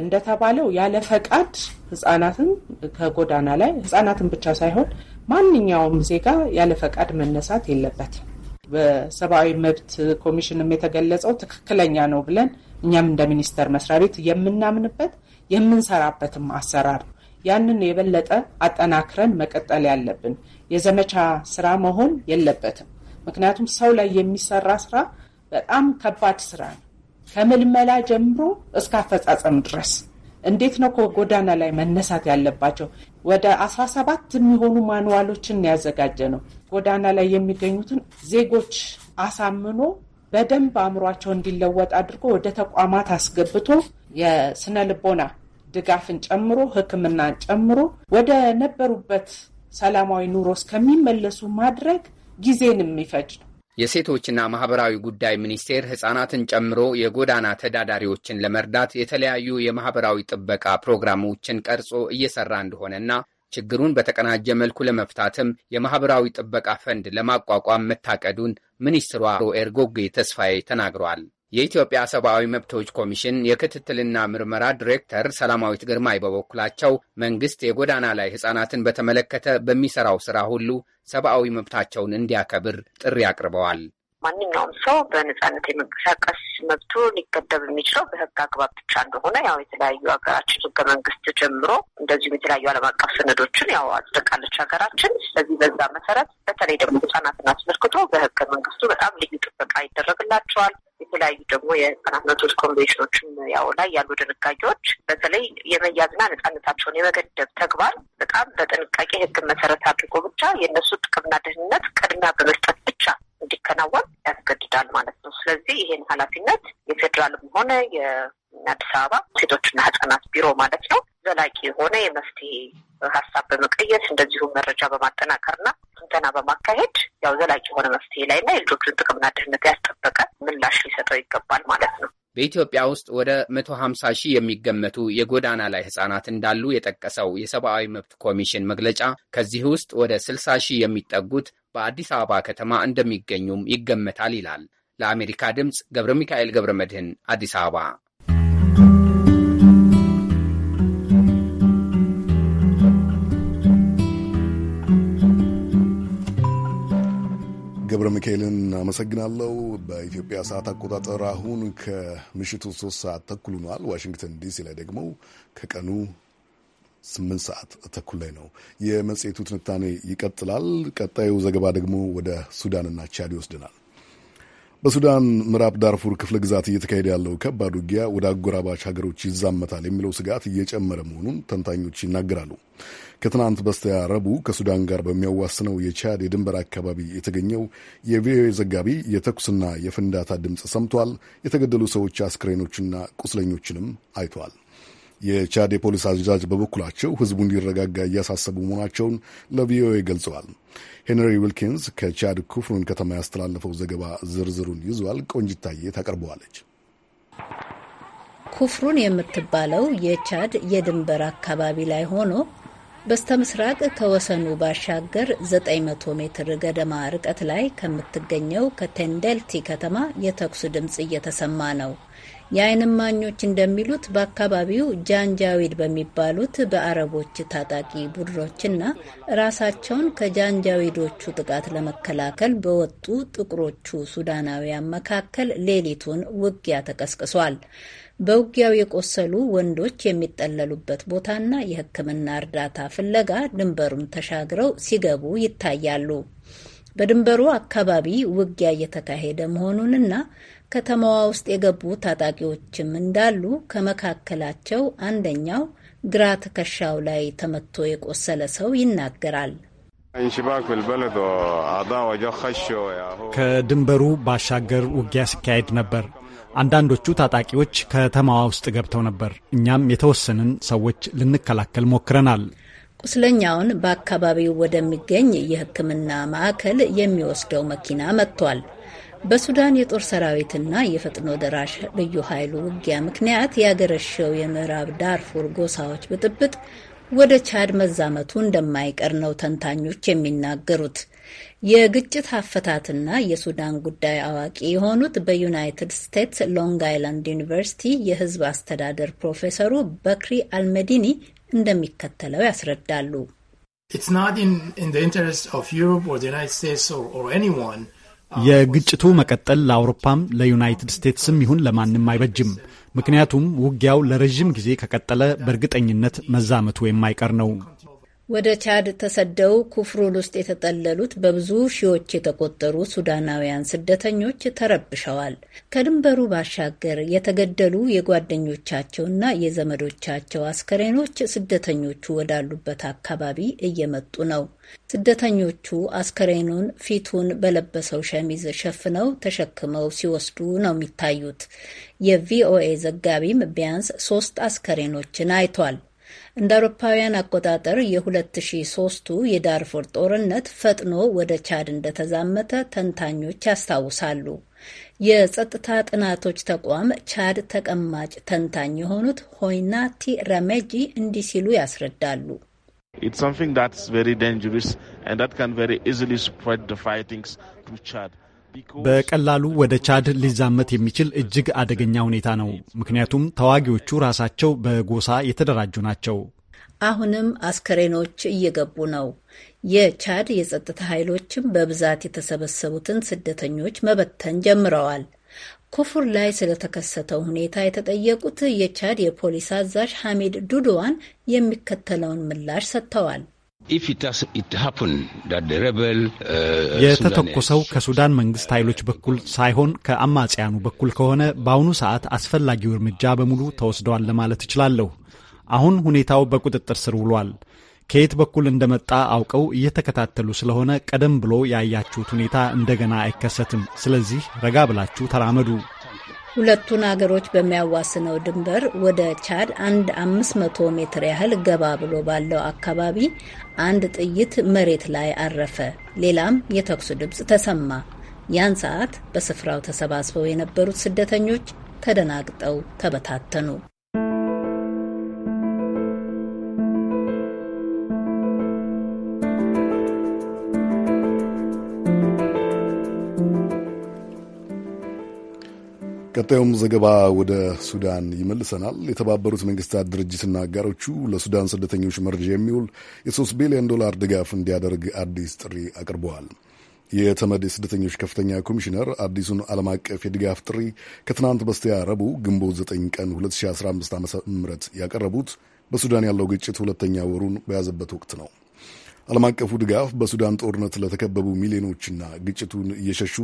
እንደተባለው ያለ ፈቃድ ህጻናትን ከጎዳና ላይ ህጻናትን ብቻ ሳይሆን ማንኛውም ዜጋ ያለ ፈቃድ መነሳት የለበትም። በሰብአዊ መብት ኮሚሽንም የተገለጸው ትክክለኛ ነው ብለን እኛም እንደ ሚኒስቴር መስሪያ ቤት የምናምንበት የምንሰራበትም አሰራር ነው። ያንን የበለጠ አጠናክረን መቀጠል ያለብን የዘመቻ ስራ መሆን የለበትም። ምክንያቱም ሰው ላይ የሚሰራ ስራ በጣም ከባድ ስራ ነው። ከምልመላ ጀምሮ እስከ አፈጻጸም ድረስ እንዴት ነው ከጎዳና ላይ መነሳት ያለባቸው? ወደ 17 ሰባት የሚሆኑ ማንዋሎችን ያዘጋጀ ነው። ጎዳና ላይ የሚገኙትን ዜጎች አሳምኖ በደንብ አእምሯቸው እንዲለወጥ አድርጎ ወደ ተቋማት አስገብቶ የስነ ልቦና ድጋፍን ጨምሮ ሕክምናን ጨምሮ ወደ ነበሩበት ሰላማዊ ኑሮ እስከሚመለሱ ማድረግ ጊዜን የሚፈጅ ነው። የሴቶችና ማህበራዊ ጉዳይ ሚኒስቴር ህጻናትን ጨምሮ የጎዳና ተዳዳሪዎችን ለመርዳት የተለያዩ የማህበራዊ ጥበቃ ፕሮግራሞችን ቀርጾ እየሰራ እንደሆነና ችግሩን በተቀናጀ መልኩ ለመፍታትም የማህበራዊ ጥበቃ ፈንድ ለማቋቋም መታቀዱን ሚኒስትሯ ኤርጎጌ ተስፋዬ ተናግረዋል። የኢትዮጵያ ሰብአዊ መብቶች ኮሚሽን የክትትልና ምርመራ ዲሬክተር ሰላማዊት ግርማይ በበኩላቸው መንግስት የጎዳና ላይ ሕፃናትን በተመለከተ በሚሰራው ስራ ሁሉ ሰብአዊ መብታቸውን እንዲያከብር ጥሪ አቅርበዋል። ማንኛውም ሰው በነጻነት የመንቀሳቀስ መብቱ ሊገደብ የሚችለው በህግ አግባብ ብቻ እንደሆነ ያው የተለያዩ ሀገራችን ህገ መንግስት ጀምሮ እንደዚሁም የተለያዩ ዓለም አቀፍ ሰነዶችን ያው አጽድቃለች ሀገራችን። ስለዚህ በዛ መሰረት በተለይ ደግሞ ህጻናትን አስመልክቶ በህገ መንግስቱ በጣም ልዩ ጥበቃ ይደረግላቸዋል። የተለያዩ ደግሞ የህፃናት መብቶች ኮንቬንሽኖችም ያው ላይ ያሉ ድንጋጌዎች በተለይ የመያዝና ነፃነታቸውን የመገደብ ተግባር በጣም በጥንቃቄ ህግን መሰረት አድርጎ ብቻ የእነሱ ጥቅምና ደህንነት ቅድሚያ በመስጠት ብቻ እንዲከናወን ያስገድዳል ማለት ነው። ስለዚህ ይሄን ኃላፊነት የፌዴራልም ሆነ የአዲስ አበባ ሴቶችና ህጻናት ቢሮ ማለት ነው ዘላቂ የሆነ የመፍትሄ ሀሳብ በመቀየስ እንደዚሁም መረጃ በማጠናከርና ትንተና በማካሄድ ያው ዘላቂ የሆነ መፍትሄ ላይና የልጆቹን ጥቅምና ደህንነት ያስጠበቀ ምላሽ ሊሰጠው ይገባል ማለት ነው። በኢትዮጵያ ውስጥ ወደ 150 ሺህ የሚገመቱ የጎዳና ላይ ህጻናት እንዳሉ የጠቀሰው የሰብአዊ መብት ኮሚሽን መግለጫ ከዚህ ውስጥ ወደ 60 ሺህ የሚጠጉት በአዲስ አበባ ከተማ እንደሚገኙም ይገመታል ይላል። ለአሜሪካ ድምፅ ገብረ ሚካኤል ገብረ መድህን አዲስ አበባ። ገብረ ሚካኤልን አመሰግናለሁ። በኢትዮጵያ ሰዓት አቆጣጠር አሁን ከምሽቱ ሶስት ሰዓት ተኩል ሆኗል። ዋሽንግተን ዲሲ ላይ ደግሞ ከቀኑ ስምንት ሰዓት ተኩል ላይ ነው። የመጽሔቱ ትንታኔ ይቀጥላል። ቀጣዩ ዘገባ ደግሞ ወደ ሱዳንና ቻድ ይወስድናል። በሱዳን ምዕራብ ዳርፉር ክፍለ ግዛት እየተካሄደ ያለው ከባድ ውጊያ ወደ አጎራባች ሀገሮች ይዛመታል የሚለው ስጋት እየጨመረ መሆኑን ተንታኞች ይናገራሉ። ከትናንት በስቲያ ረቡዕ ከሱዳን ጋር በሚያዋስነው የቻድ የድንበር አካባቢ የተገኘው የቪኦኤ ዘጋቢ የተኩስና የፍንዳታ ድምፅ ሰምቷል። የተገደሉ ሰዎች አስክሬኖችና ቁስለኞችንም አይተዋል። የቻድ የፖሊስ አዛዥ በበኩላቸው ህዝቡ እንዲረጋጋ እያሳሰቡ መሆናቸውን ለቪኦኤ ገልጸዋል። ሄንሪ ዊልኪንስ ከቻድ ኩፍሩን ከተማ ያስተላለፈው ዘገባ ዝርዝሩን ይዟል። ቆንጅታዬ ታቀርበዋለች። ኩፍሩን የምትባለው የቻድ የድንበር አካባቢ ላይ ሆኖ በስተ ምስራቅ ከወሰኑ ባሻገር 900 ሜትር ገደማ ርቀት ላይ ከምትገኘው ከቴንደልቲ ከተማ የተኩስ ድምፅ እየተሰማ ነው። የዓይን እማኞች እንደሚሉት በአካባቢው ጃንጃዊድ በሚባሉት በአረቦች ታጣቂ ቡድኖችና ራሳቸውን ከጃንጃዊዶቹ ጥቃት ለመከላከል በወጡ ጥቁሮቹ ሱዳናውያን መካከል ሌሊቱን ውጊያ ተቀስቅሷል። በውጊያው የቆሰሉ ወንዶች የሚጠለሉበት ቦታና የሕክምና እርዳታ ፍለጋ ድንበሩን ተሻግረው ሲገቡ ይታያሉ። በድንበሩ አካባቢ ውጊያ እየተካሄደ መሆኑንና ከተማዋ ውስጥ የገቡ ታጣቂዎችም እንዳሉ ከመካከላቸው አንደኛው ግራ ትከሻው ላይ ተመቶ የቆሰለ ሰው ይናገራል። ከድንበሩ ባሻገር ውጊያ ሲካሄድ ነበር። አንዳንዶቹ ታጣቂዎች ከተማዋ ውስጥ ገብተው ነበር። እኛም የተወሰንን ሰዎች ልንከላከል ሞክረናል። ቁስለኛውን በአካባቢው ወደሚገኝ የሕክምና ማዕከል የሚወስደው መኪና መጥቷል። በሱዳን የጦር ሰራዊትና የፈጥኖ ደራሽ ልዩ ኃይሉ ውጊያ ምክንያት ያገረሸው የምዕራብ ዳርፉር ጎሳዎች ብጥብጥ ወደ ቻድ መዛመቱ እንደማይቀር ነው ተንታኞች የሚናገሩት። የግጭት አፈታትና የሱዳን ጉዳይ አዋቂ የሆኑት በዩናይትድ ስቴትስ ሎንግ አይላንድ ዩኒቨርሲቲ የሕዝብ አስተዳደር ፕሮፌሰሩ በክሪ አልመዲኒ እንደሚከተለው ያስረዳሉ። It's not in, in the interest of Europe or the United States or, or anyone የግጭቱ መቀጠል ለአውሮፓም ለዩናይትድ ስቴትስም ይሁን ለማንም አይበጅም። ምክንያቱም ውጊያው ለረዥም ጊዜ ከቀጠለ በእርግጠኝነት መዛመቱ የማይቀር ነው። ወደ ቻድ ተሰደው ኩፍሩል ውስጥ የተጠለሉት በብዙ ሺዎች የተቆጠሩ ሱዳናውያን ስደተኞች ተረብሸዋል። ከድንበሩ ባሻገር የተገደሉ የጓደኞቻቸውና የዘመዶቻቸው አስከሬኖች ስደተኞቹ ወዳሉበት አካባቢ እየመጡ ነው። ስደተኞቹ አስከሬኑን ፊቱን በለበሰው ሸሚዝ ሸፍነው ተሸክመው ሲወስዱ ነው የሚታዩት። የቪኦኤ ዘጋቢም ቢያንስ ሶስት አስከሬኖችን አይቷል። እንደ አውሮፓውያን አቆጣጠር የ2003ቱ የዳርፎር ጦርነት ፈጥኖ ወደ ቻድ እንደተዛመተ ተንታኞች ያስታውሳሉ። የጸጥታ ጥናቶች ተቋም ቻድ ተቀማጭ ተንታኝ የሆኑት ሆይናቲ ረሜጂ እንዲህ ሲሉ ያስረዳሉ። It's something that's very dangerous and that can very easily spread the fightings to Chad. በቀላሉ ወደ ቻድ ሊዛመት የሚችል እጅግ አደገኛ ሁኔታ ነው። ምክንያቱም ተዋጊዎቹ ራሳቸው በጎሳ የተደራጁ ናቸው። አሁንም አስከሬኖች እየገቡ ነው። የቻድ የጸጥታ ኃይሎችም በብዛት የተሰበሰቡትን ስደተኞች መበተን ጀምረዋል። ኩፉር ላይ ስለተከሰተው ሁኔታ የተጠየቁት የቻድ የፖሊስ አዛዥ ሐሚድ ዱድዋን የሚከተለውን ምላሽ ሰጥተዋል። Uh, የተተኮሰው ከሱዳን መንግስት ኃይሎች በኩል ሳይሆን ከአማጽያኑ በኩል ከሆነ በአሁኑ ሰዓት አስፈላጊው እርምጃ በሙሉ ተወስደዋል ለማለት እችላለሁ። አሁን ሁኔታው በቁጥጥር ስር ውሏል። ከየት በኩል እንደመጣ አውቀው እየተከታተሉ ስለሆነ ቀደም ብሎ ያያችሁት ሁኔታ እንደገና አይከሰትም። ስለዚህ ረጋ ብላችሁ ተራመዱ። ሁለቱን አገሮች በሚያዋስነው ድንበር ወደ ቻድ አንድ 500 ሜትር ያህል ገባ ብሎ ባለው አካባቢ አንድ ጥይት መሬት ላይ አረፈ። ሌላም የተኩስ ድምፅ ተሰማ። ያን ሰዓት በስፍራው ተሰባስበው የነበሩት ስደተኞች ተደናግጠው ተበታተኑ። ቀጣዩም ዘገባ ወደ ሱዳን ይመልሰናል። የተባበሩት መንግስታት ድርጅትና አጋሮቹ ለሱዳን ስደተኞች መርጃ የሚውል የሶስት ቢሊዮን ዶላር ድጋፍ እንዲያደርግ አዲስ ጥሪ አቅርበዋል። የተመድ የስደተኞች ከፍተኛ ኮሚሽነር አዲሱን ዓለም አቀፍ የድጋፍ ጥሪ ከትናንት በስቲያ ረቡዕ ግንቦት 9 ቀን 2015 ዓ ም ያቀረቡት በሱዳን ያለው ግጭት ሁለተኛ ወሩን በያዘበት ወቅት ነው። ዓለም አቀፉ ድጋፍ በሱዳን ጦርነት ለተከበቡ ሚሊዮኖችና ግጭቱን እየሸሹ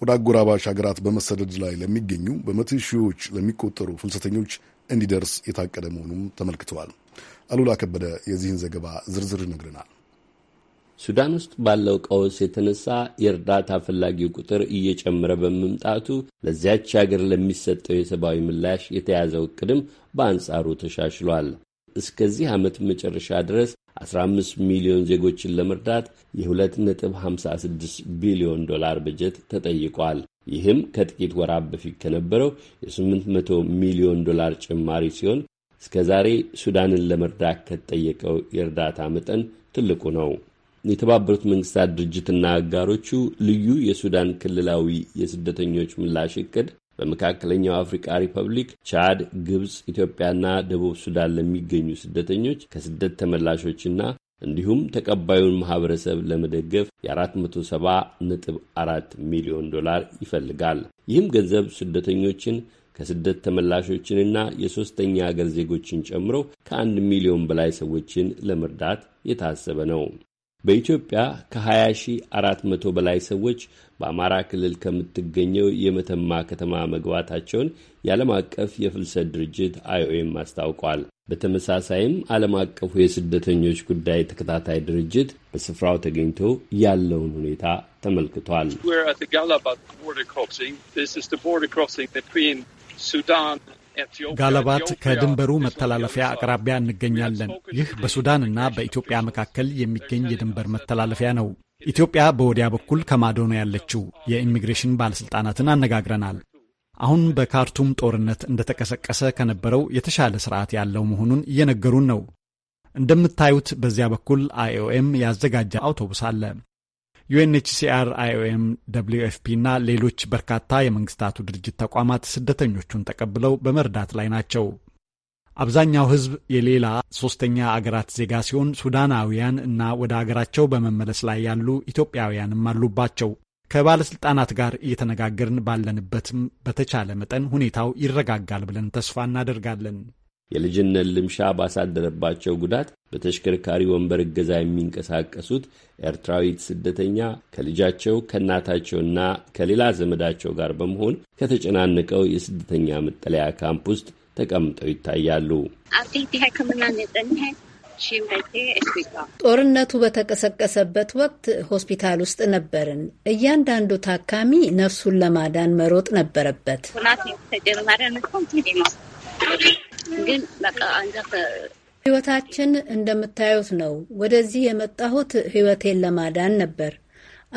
ወደ አጎራባሽ ሀገራት በመሰደድ ላይ ለሚገኙ በመቶ ሺዎች ለሚቆጠሩ ፍልሰተኞች እንዲደርስ የታቀደ መሆኑም ተመልክተዋል። አሉላ ከበደ የዚህን ዘገባ ዝርዝር ይነግረናል። ሱዳን ውስጥ ባለው ቀውስ የተነሳ የእርዳታ ፈላጊው ቁጥር እየጨመረ በመምጣቱ ለዚያች ሀገር ለሚሰጠው የሰብአዊ ምላሽ የተያዘው እቅድም በአንጻሩ ተሻሽሏል። እስከዚህ ዓመት መጨረሻ ድረስ 15 ሚሊዮን ዜጎችን ለመርዳት የ2.56 ቢሊዮን ዶላር በጀት ተጠይቋል። ይህም ከጥቂት ወራት በፊት ከነበረው የ800 ሚሊዮን ዶላር ጭማሪ ሲሆን እስከ ዛሬ ሱዳንን ለመርዳት ከተጠየቀው የእርዳታ መጠን ትልቁ ነው። የተባበሩት መንግስታት ድርጅትና አጋሮቹ ልዩ የሱዳን ክልላዊ የስደተኞች ምላሽ እቅድ በመካከለኛው አፍሪካ ሪፐብሊክ፣ ቻድ፣ ግብፅ፣ ኢትዮጵያና ደቡብ ሱዳን ለሚገኙ ስደተኞች ከስደት ተመላሾችና እንዲሁም ተቀባዩን ማህበረሰብ ለመደገፍ የ470.4 ሚሊዮን ዶላር ይፈልጋል። ይህም ገንዘብ ስደተኞችን ከስደት ተመላሾችንና የሦስተኛ አገር ዜጎችን ጨምሮ ከአንድ ሚሊዮን በላይ ሰዎችን ለመርዳት የታሰበ ነው። በኢትዮጵያ ከ2400 በላይ ሰዎች በአማራ ክልል ከምትገኘው የመተማ ከተማ መግባታቸውን የዓለም አቀፍ የፍልሰት ድርጅት አይኦኤም አስታውቋል። በተመሳሳይም ዓለም አቀፉ የስደተኞች ጉዳይ ተከታታይ ድርጅት በስፍራው ተገኝቶ ያለውን ሁኔታ ተመልክቷል። ጋለባት ከድንበሩ መተላለፊያ አቅራቢያ እንገኛለን። ይህ በሱዳንና በኢትዮጵያ መካከል የሚገኝ የድንበር መተላለፊያ ነው። ኢትዮጵያ በወዲያ በኩል ከማዶ ነው ያለችው። የኢሚግሬሽን ባለሥልጣናትን አነጋግረናል። አሁን በካርቱም ጦርነት እንደተቀሰቀሰ ከነበረው የተሻለ ስርዓት ያለው መሆኑን እየነገሩን ነው። እንደምታዩት በዚያ በኩል አይኦኤም ያዘጋጀ አውቶቡስ አለ። ዩኤንኤችሲአር አይኦኤም ደብሊዩ ኤፍፒ እና ሌሎች በርካታ የመንግስታቱ ድርጅት ተቋማት ስደተኞቹን ተቀብለው በመርዳት ላይ ናቸው። አብዛኛው ህዝብ የሌላ ሶስተኛ አገራት ዜጋ ሲሆን ሱዳናውያን እና ወደ አገራቸው በመመለስ ላይ ያሉ ኢትዮጵያውያንም አሉባቸው። ከባለስልጣናት ጋር እየተነጋገርን ባለንበትም በተቻለ መጠን ሁኔታው ይረጋጋል ብለን ተስፋ እናደርጋለን። የልጅነት ልምሻ ባሳደረባቸው ጉዳት በተሽከርካሪ ወንበር እገዛ የሚንቀሳቀሱት ኤርትራዊት ስደተኛ ከልጃቸው ከእናታቸውና ከሌላ ዘመዳቸው ጋር በመሆን ከተጨናነቀው የስደተኛ መጠለያ ካምፕ ውስጥ ተቀምጠው ይታያሉ። ጦርነቱ በተቀሰቀሰበት ወቅት ሆስፒታል ውስጥ ነበርን። እያንዳንዱ ታካሚ ነፍሱን ለማዳን መሮጥ ነበረበት። ግን በቃ አንጃ ህይወታችን እንደምታዩት ነው። ወደዚህ የመጣሁት ህይወቴን ለማዳን ነበር።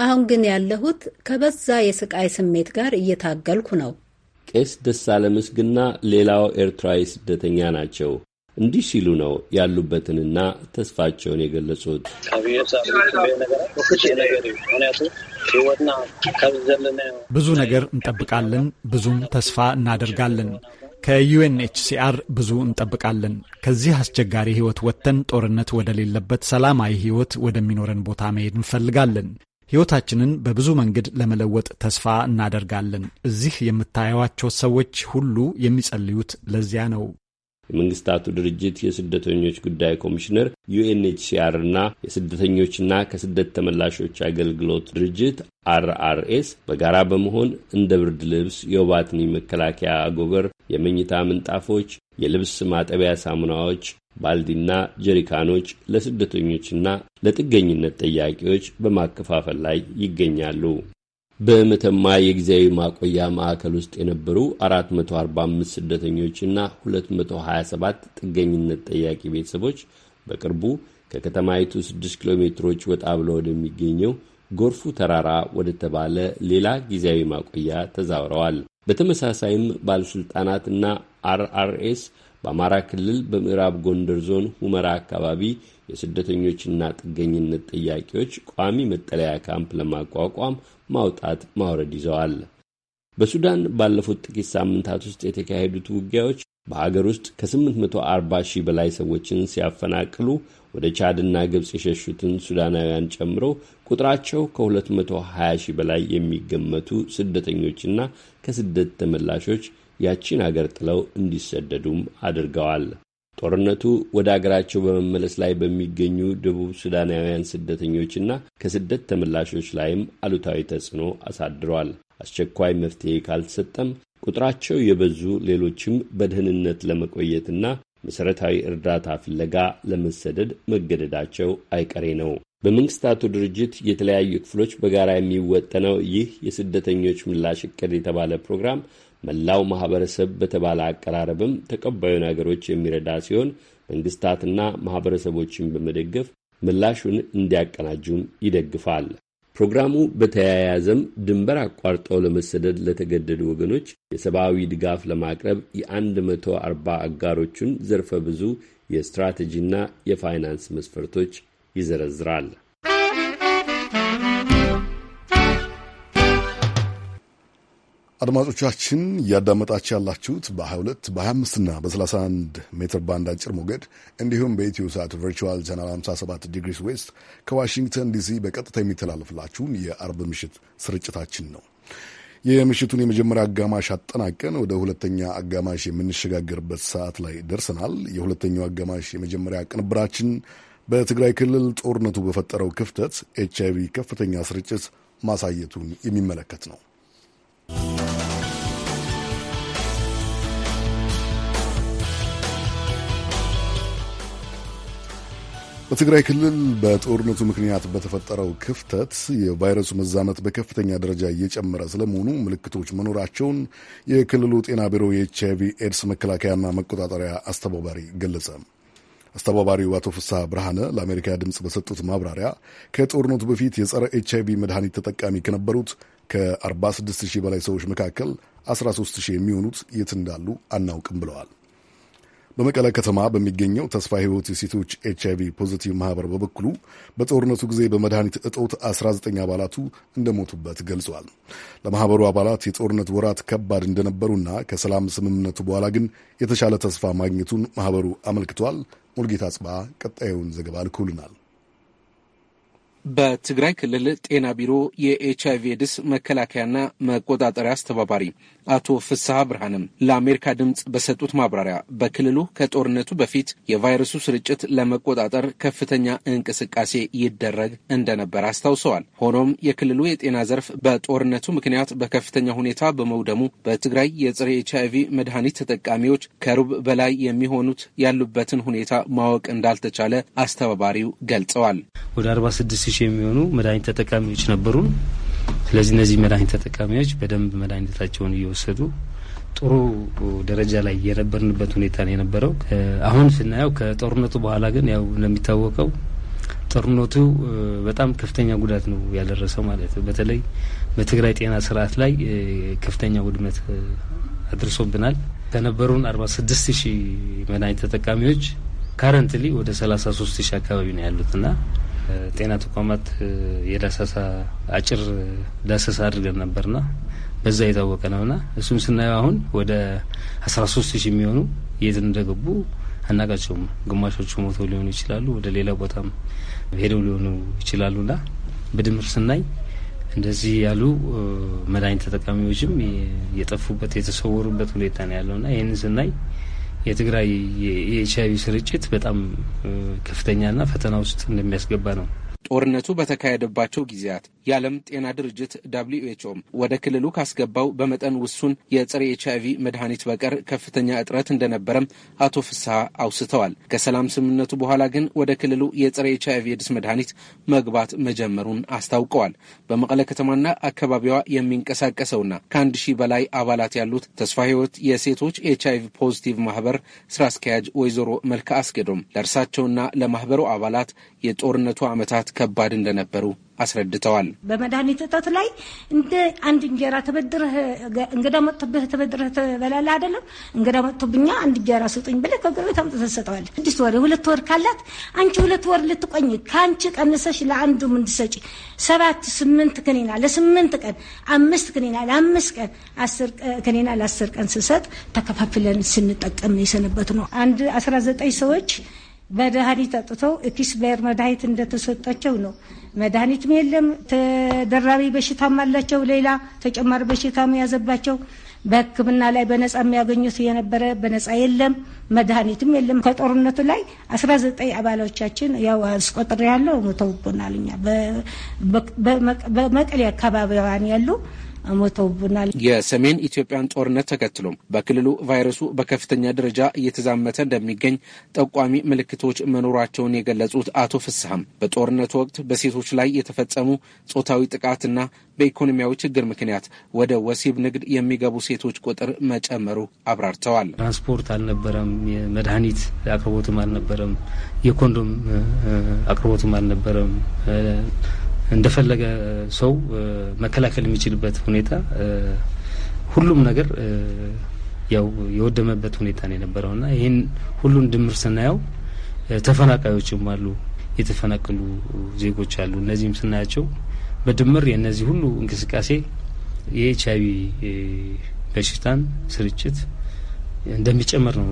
አሁን ግን ያለሁት ከበዛ የስቃይ ስሜት ጋር እየታገልኩ ነው። ቄስ ደሳለ ምስግና ሌላው ኤርትራዊ ስደተኛ ናቸው። እንዲህ ሲሉ ነው ያሉበትንና ተስፋቸውን የገለጹት። ብዙ ነገር እንጠብቃለን፣ ብዙም ተስፋ እናደርጋለን። ከዩኤንኤችሲአር ብዙ እንጠብቃለን። ከዚህ አስቸጋሪ ሕይወት ወጥተን ጦርነት ወደሌለበት ሰላማዊ ሕይወት ወደሚኖረን ቦታ መሄድ እንፈልጋለን። ሕይወታችንን በብዙ መንገድ ለመለወጥ ተስፋ እናደርጋለን። እዚህ የምታየዋቸው ሰዎች ሁሉ የሚጸልዩት ለዚያ ነው። የመንግስታቱ ድርጅት የስደተኞች ጉዳይ ኮሚሽነር ዩኤንኤችሲአር እና የስደተኞችና ከስደት ተመላሾች አገልግሎት ድርጅት አርአርኤስ በጋራ በመሆን እንደ ብርድ ልብስ፣ የወባ መከላከያ አጎበር፣ የመኝታ ምንጣፎች፣ የልብስ ማጠቢያ ሳሙናዎች፣ ባልዲና ጀሪካኖች ለስደተኞችና ለጥገኝነት ጠያቂዎች በማከፋፈል ላይ ይገኛሉ። በመተማ የጊዜያዊ ማቆያ ማዕከል ውስጥ የነበሩ 445 ስደተኞችና 227 ጥገኝነት ጠያቂ ቤተሰቦች በቅርቡ ከከተማይቱ 6 ኪሎ ሜትሮች ወጣ ብሎ ወደሚገኘው ጎርፉ ተራራ ወደ ተባለ ሌላ ጊዜያዊ ማቆያ ተዛውረዋል። በተመሳሳይም ባለሥልጣናትና እና አርአርኤስ በአማራ ክልል በምዕራብ ጎንደር ዞን ሁመራ አካባቢ የስደተኞችና ጥገኝነት ጥያቄዎች ቋሚ መጠለያ ካምፕ ለማቋቋም ማውጣት ማውረድ ይዘዋል። በሱዳን ባለፉት ጥቂት ሳምንታት ውስጥ የተካሄዱት ውጊያዎች በሀገር ውስጥ ከ840 ሺህ በላይ ሰዎችን ሲያፈናቅሉ ወደ ቻድና ግብፅ የሸሹትን ሱዳናውያን ጨምሮ ቁጥራቸው ከ220 ሺህ በላይ የሚገመቱ ስደተኞችና ከስደት ተመላሾች ያቺን አገር ጥለው እንዲሰደዱም አድርገዋል። ጦርነቱ ወደ አገራቸው በመመለስ ላይ በሚገኙ ደቡብ ሱዳናውያን ስደተኞችና ከስደት ተመላሾች ላይም አሉታዊ ተጽዕኖ አሳድሯል። አስቸኳይ መፍትሄ ካልተሰጠም ቁጥራቸው የበዙ ሌሎችም በደህንነት ለመቆየትና መሠረታዊ እርዳታ ፍለጋ ለመሰደድ መገደዳቸው አይቀሬ ነው። በመንግስታቱ ድርጅት የተለያዩ ክፍሎች በጋራ የሚወጠነው ይህ የስደተኞች ምላሽ እቅድ የተባለ ፕሮግራም መላው ማህበረሰብ በተባለ አቀራረብም ተቀባዩን አገሮች የሚረዳ ሲሆን መንግስታትና ማህበረሰቦችን በመደገፍ ምላሹን እንዲያቀናጁም ይደግፋል። ፕሮግራሙ በተያያዘም ድንበር አቋርጠው ለመሰደድ ለተገደዱ ወገኖች የሰብአዊ ድጋፍ ለማቅረብ የ140 አጋሮቹን ዘርፈ ብዙ የስትራቴጂና የፋይናንስ መስፈርቶች ይዘረዝራል። አድማጮቻችን እያዳመጣችሁ ያላችሁት በ22 በ25ና በ31 ሜትር ባንድ አጭር ሞገድ እንዲሁም በኢትዮ ሳት ቨርቹዋል ቻናል 57 ዲግሪስ ዌስት ከዋሽንግተን ዲሲ በቀጥታ የሚተላለፍላችሁን የአርብ ምሽት ስርጭታችን ነው። የምሽቱን የመጀመሪያ አጋማሽ አጠናቀን ወደ ሁለተኛ አጋማሽ የምንሸጋገርበት ሰዓት ላይ ደርሰናል። የሁለተኛው አጋማሽ የመጀመሪያ ቅንብራችን በትግራይ ክልል ጦርነቱ በፈጠረው ክፍተት ኤች ቪ ከፍተኛ ስርጭት ማሳየቱን የሚመለከት ነው። በትግራይ ክልል በጦርነቱ ምክንያት በተፈጠረው ክፍተት የቫይረሱ መዛመት በከፍተኛ ደረጃ እየጨመረ ስለመሆኑ ምልክቶች መኖራቸውን የክልሉ ጤና ቢሮ የኤች አይቪ ኤድስ መከላከያና መቆጣጠሪያ አስተባባሪ ገለጸ። አስተባባሪው አቶ ፍስሐ ብርሃነ ለአሜሪካ ድምፅ በሰጡት ማብራሪያ ከጦርነቱ በፊት የጸረ ኤች አይቪ መድኃኒት ተጠቃሚ ከነበሩት ከ46 ሺህ በላይ ሰዎች መካከል 13 ሺህ የሚሆኑት የት እንዳሉ አናውቅም ብለዋል። በመቀለ ከተማ በሚገኘው ተስፋ ህይወት የሴቶች ኤች አይቪ ፖዚቲቭ ማህበር በበኩሉ በጦርነቱ ጊዜ በመድኃኒት እጦት 19 አባላቱ እንደሞቱበት ገልጿል። ለማህበሩ አባላት የጦርነት ወራት ከባድ እንደነበሩና ከሰላም ስምምነቱ በኋላ ግን የተሻለ ተስፋ ማግኘቱን ማህበሩ አመልክቷል። ሙልጌታ ጽባ ቀጣዩን ዘገባ ልኮልናል። በትግራይ ክልል ጤና ቢሮ የኤች አይቪ ኤድስ መከላከያና መቆጣጠሪያ አስተባባሪ አቶ ፍስሐ ብርሃንም ለአሜሪካ ድምፅ በሰጡት ማብራሪያ በክልሉ ከጦርነቱ በፊት የቫይረሱ ስርጭት ለመቆጣጠር ከፍተኛ እንቅስቃሴ ይደረግ እንደነበር አስታውሰዋል። ሆኖም የክልሉ የጤና ዘርፍ በጦርነቱ ምክንያት በከፍተኛ ሁኔታ በመውደሙ በትግራይ የጸረ ኤች አይቪ መድኃኒት ተጠቃሚዎች ከሩብ በላይ የሚሆኑት ያሉበትን ሁኔታ ማወቅ እንዳልተቻለ አስተባባሪው ገልጸዋል። ወደ 46 ሺህ የሚሆኑ መድኃኒት ተጠቃሚዎች ነበሩን። ስለዚህ እነዚህ መድኃኒት ተጠቃሚዎች በደንብ መድኃኒታቸውን እየወሰዱ ጥሩ ደረጃ ላይ የነበርንበት ሁኔታ ነው የነበረው። አሁን ስናየው ከጦርነቱ በኋላ ግን ያው እንደሚታወቀው ጦርነቱ በጣም ከፍተኛ ጉዳት ነው ያደረሰው ማለት ነው። በተለይ በትግራይ ጤና ስርዓት ላይ ከፍተኛ ውድመት አድርሶብናል። ከነበሩን አርባ ስድስት ሺህ መድኃኒት ተጠቃሚዎች ካረንትሊ ወደ ሰላሳ ሶስት ሺህ አካባቢ ነው ያሉት እና ጤና ተቋማት የዳሰሳ አጭር ዳሰሳ አድርገን ነበርና በዛ የታወቀ ነውና እሱም ስናየው አሁን ወደ አስራ ሶስት ሺህ የሚሆኑ የት እንደገቡ አናቃቸውም። ግማሾቹ ሞቶ ሊሆኑ ይችላሉ፣ ወደ ሌላ ቦታም ሄደው ሊሆኑ ይችላሉና በድምር ስናይ እንደዚህ ያሉ መድኃኒት ተጠቃሚዎችም የጠፉበት የተሰወሩበት ሁኔታ ነው ያለውና ይህንን ስናይ የትግራይ የኤች አይቪ ስርጭት በጣም ከፍተኛና ፈተና ውስጥ እንደሚያስገባ ነው ጦርነቱ በተካሄደባቸው ጊዜያት የዓለም ጤና ድርጅት ዳብሊዩ ኤችኦም ወደ ክልሉ ካስገባው በመጠን ውሱን የጸረ ኤች አይቪ መድኃኒት በቀር ከፍተኛ እጥረት እንደነበረም አቶ ፍስሐ አውስተዋል። ከሰላም ስምምነቱ በኋላ ግን ወደ ክልሉ የጸረ ኤች አይቪ ኤድስ መድኃኒት መግባት መጀመሩን አስታውቀዋል። በመቀለ ከተማና አካባቢዋ የሚንቀሳቀሰውና ከአንድ ሺህ በላይ አባላት ያሉት ተስፋ ህይወት የሴቶች ኤች አይቪ ፖዚቲቭ ማህበር ስራ አስኪያጅ ወይዘሮ መልካ አስገዶም ለእርሳቸውና ለማህበሩ አባላት የጦርነቱ ዓመታት ከባድ እንደነበሩ አስረድተዋል። በመድኃኒት እጠት ላይ እንደ አንድ እንጀራ ተበድረህ እንግዳ መጥቶብህ ተበድረህ ትበላለህ አይደለም። እንግዳ መጥቶብኛ አንድ እንጀራ ስጡኝ ብለህ ከጎረቤት አምጥተህ ትሰጠዋለህ። ስድስት ወር ሁለት ወር ካላት አንቺ ሁለት ወር ልትቆኝ ከአንቺ ቀንሰሽ ለአንዱ እንድሰጪ ሰባት ስምንት ክኒና ለስምንት ቀን አምስት ክኒና ለአምስት ቀን አስር ክኒና ለአስር ቀን ስሰጥ ተከፋፍለን ስንጠቀም የሰነበት ነው። አንድ አስራ ዘጠኝ ሰዎች በድሃኒት አጥተው እኪስ ብሔር መድኃኒት እንደተሰጣቸው ነው። መድኃኒትም የለም። ተደራቢ በሽታም አላቸው። ሌላ ተጨማሪ በሽታም የያዘባቸው በሕክምና ላይ በነጻ የሚያገኙት የነበረ በነጻ የለም። መድኃኒትም የለም። ከጦርነቱ ላይ አስራ ዘጠኝ አባሎቻችን ያው አስቆጥሬ ያለው ሞተውብናል። እኛ በመቀሌ አካባቢዋን ያሉ ሞተውብናል። የሰሜን ኢትዮጵያን ጦርነት ተከትሎም በክልሉ ቫይረሱ በከፍተኛ ደረጃ እየተዛመተ እንደሚገኝ ጠቋሚ ምልክቶች መኖራቸውን የገለጹት አቶ ፍስሐም በጦርነቱ ወቅት በሴቶች ላይ የተፈጸሙ ጾታዊ ጥቃትና በኢኮኖሚያዊ ችግር ምክንያት ወደ ወሲብ ንግድ የሚገቡ ሴቶች ቁጥር መጨመሩ አብራርተዋል። ትራንስፖርት አልነበረም፣ የመድኃኒት አቅርቦትም አልነበረም፣ የኮንዶም አቅርቦትም አልነበረም። እንደፈለገ ሰው መከላከል የሚችልበት ሁኔታ ሁሉም ነገር ያው የወደመበት ሁኔታ ነው የነበረውና ይህን ሁሉን ድምር ስናየው ተፈናቃዮችም አሉ፣ የተፈናቀሉ ዜጎች አሉ። እነዚህም ስናያቸው በድምር የእነዚህ ሁሉ እንቅስቃሴ የኤች አይቪ በሽታን ስርጭት እንደሚጨምር ነው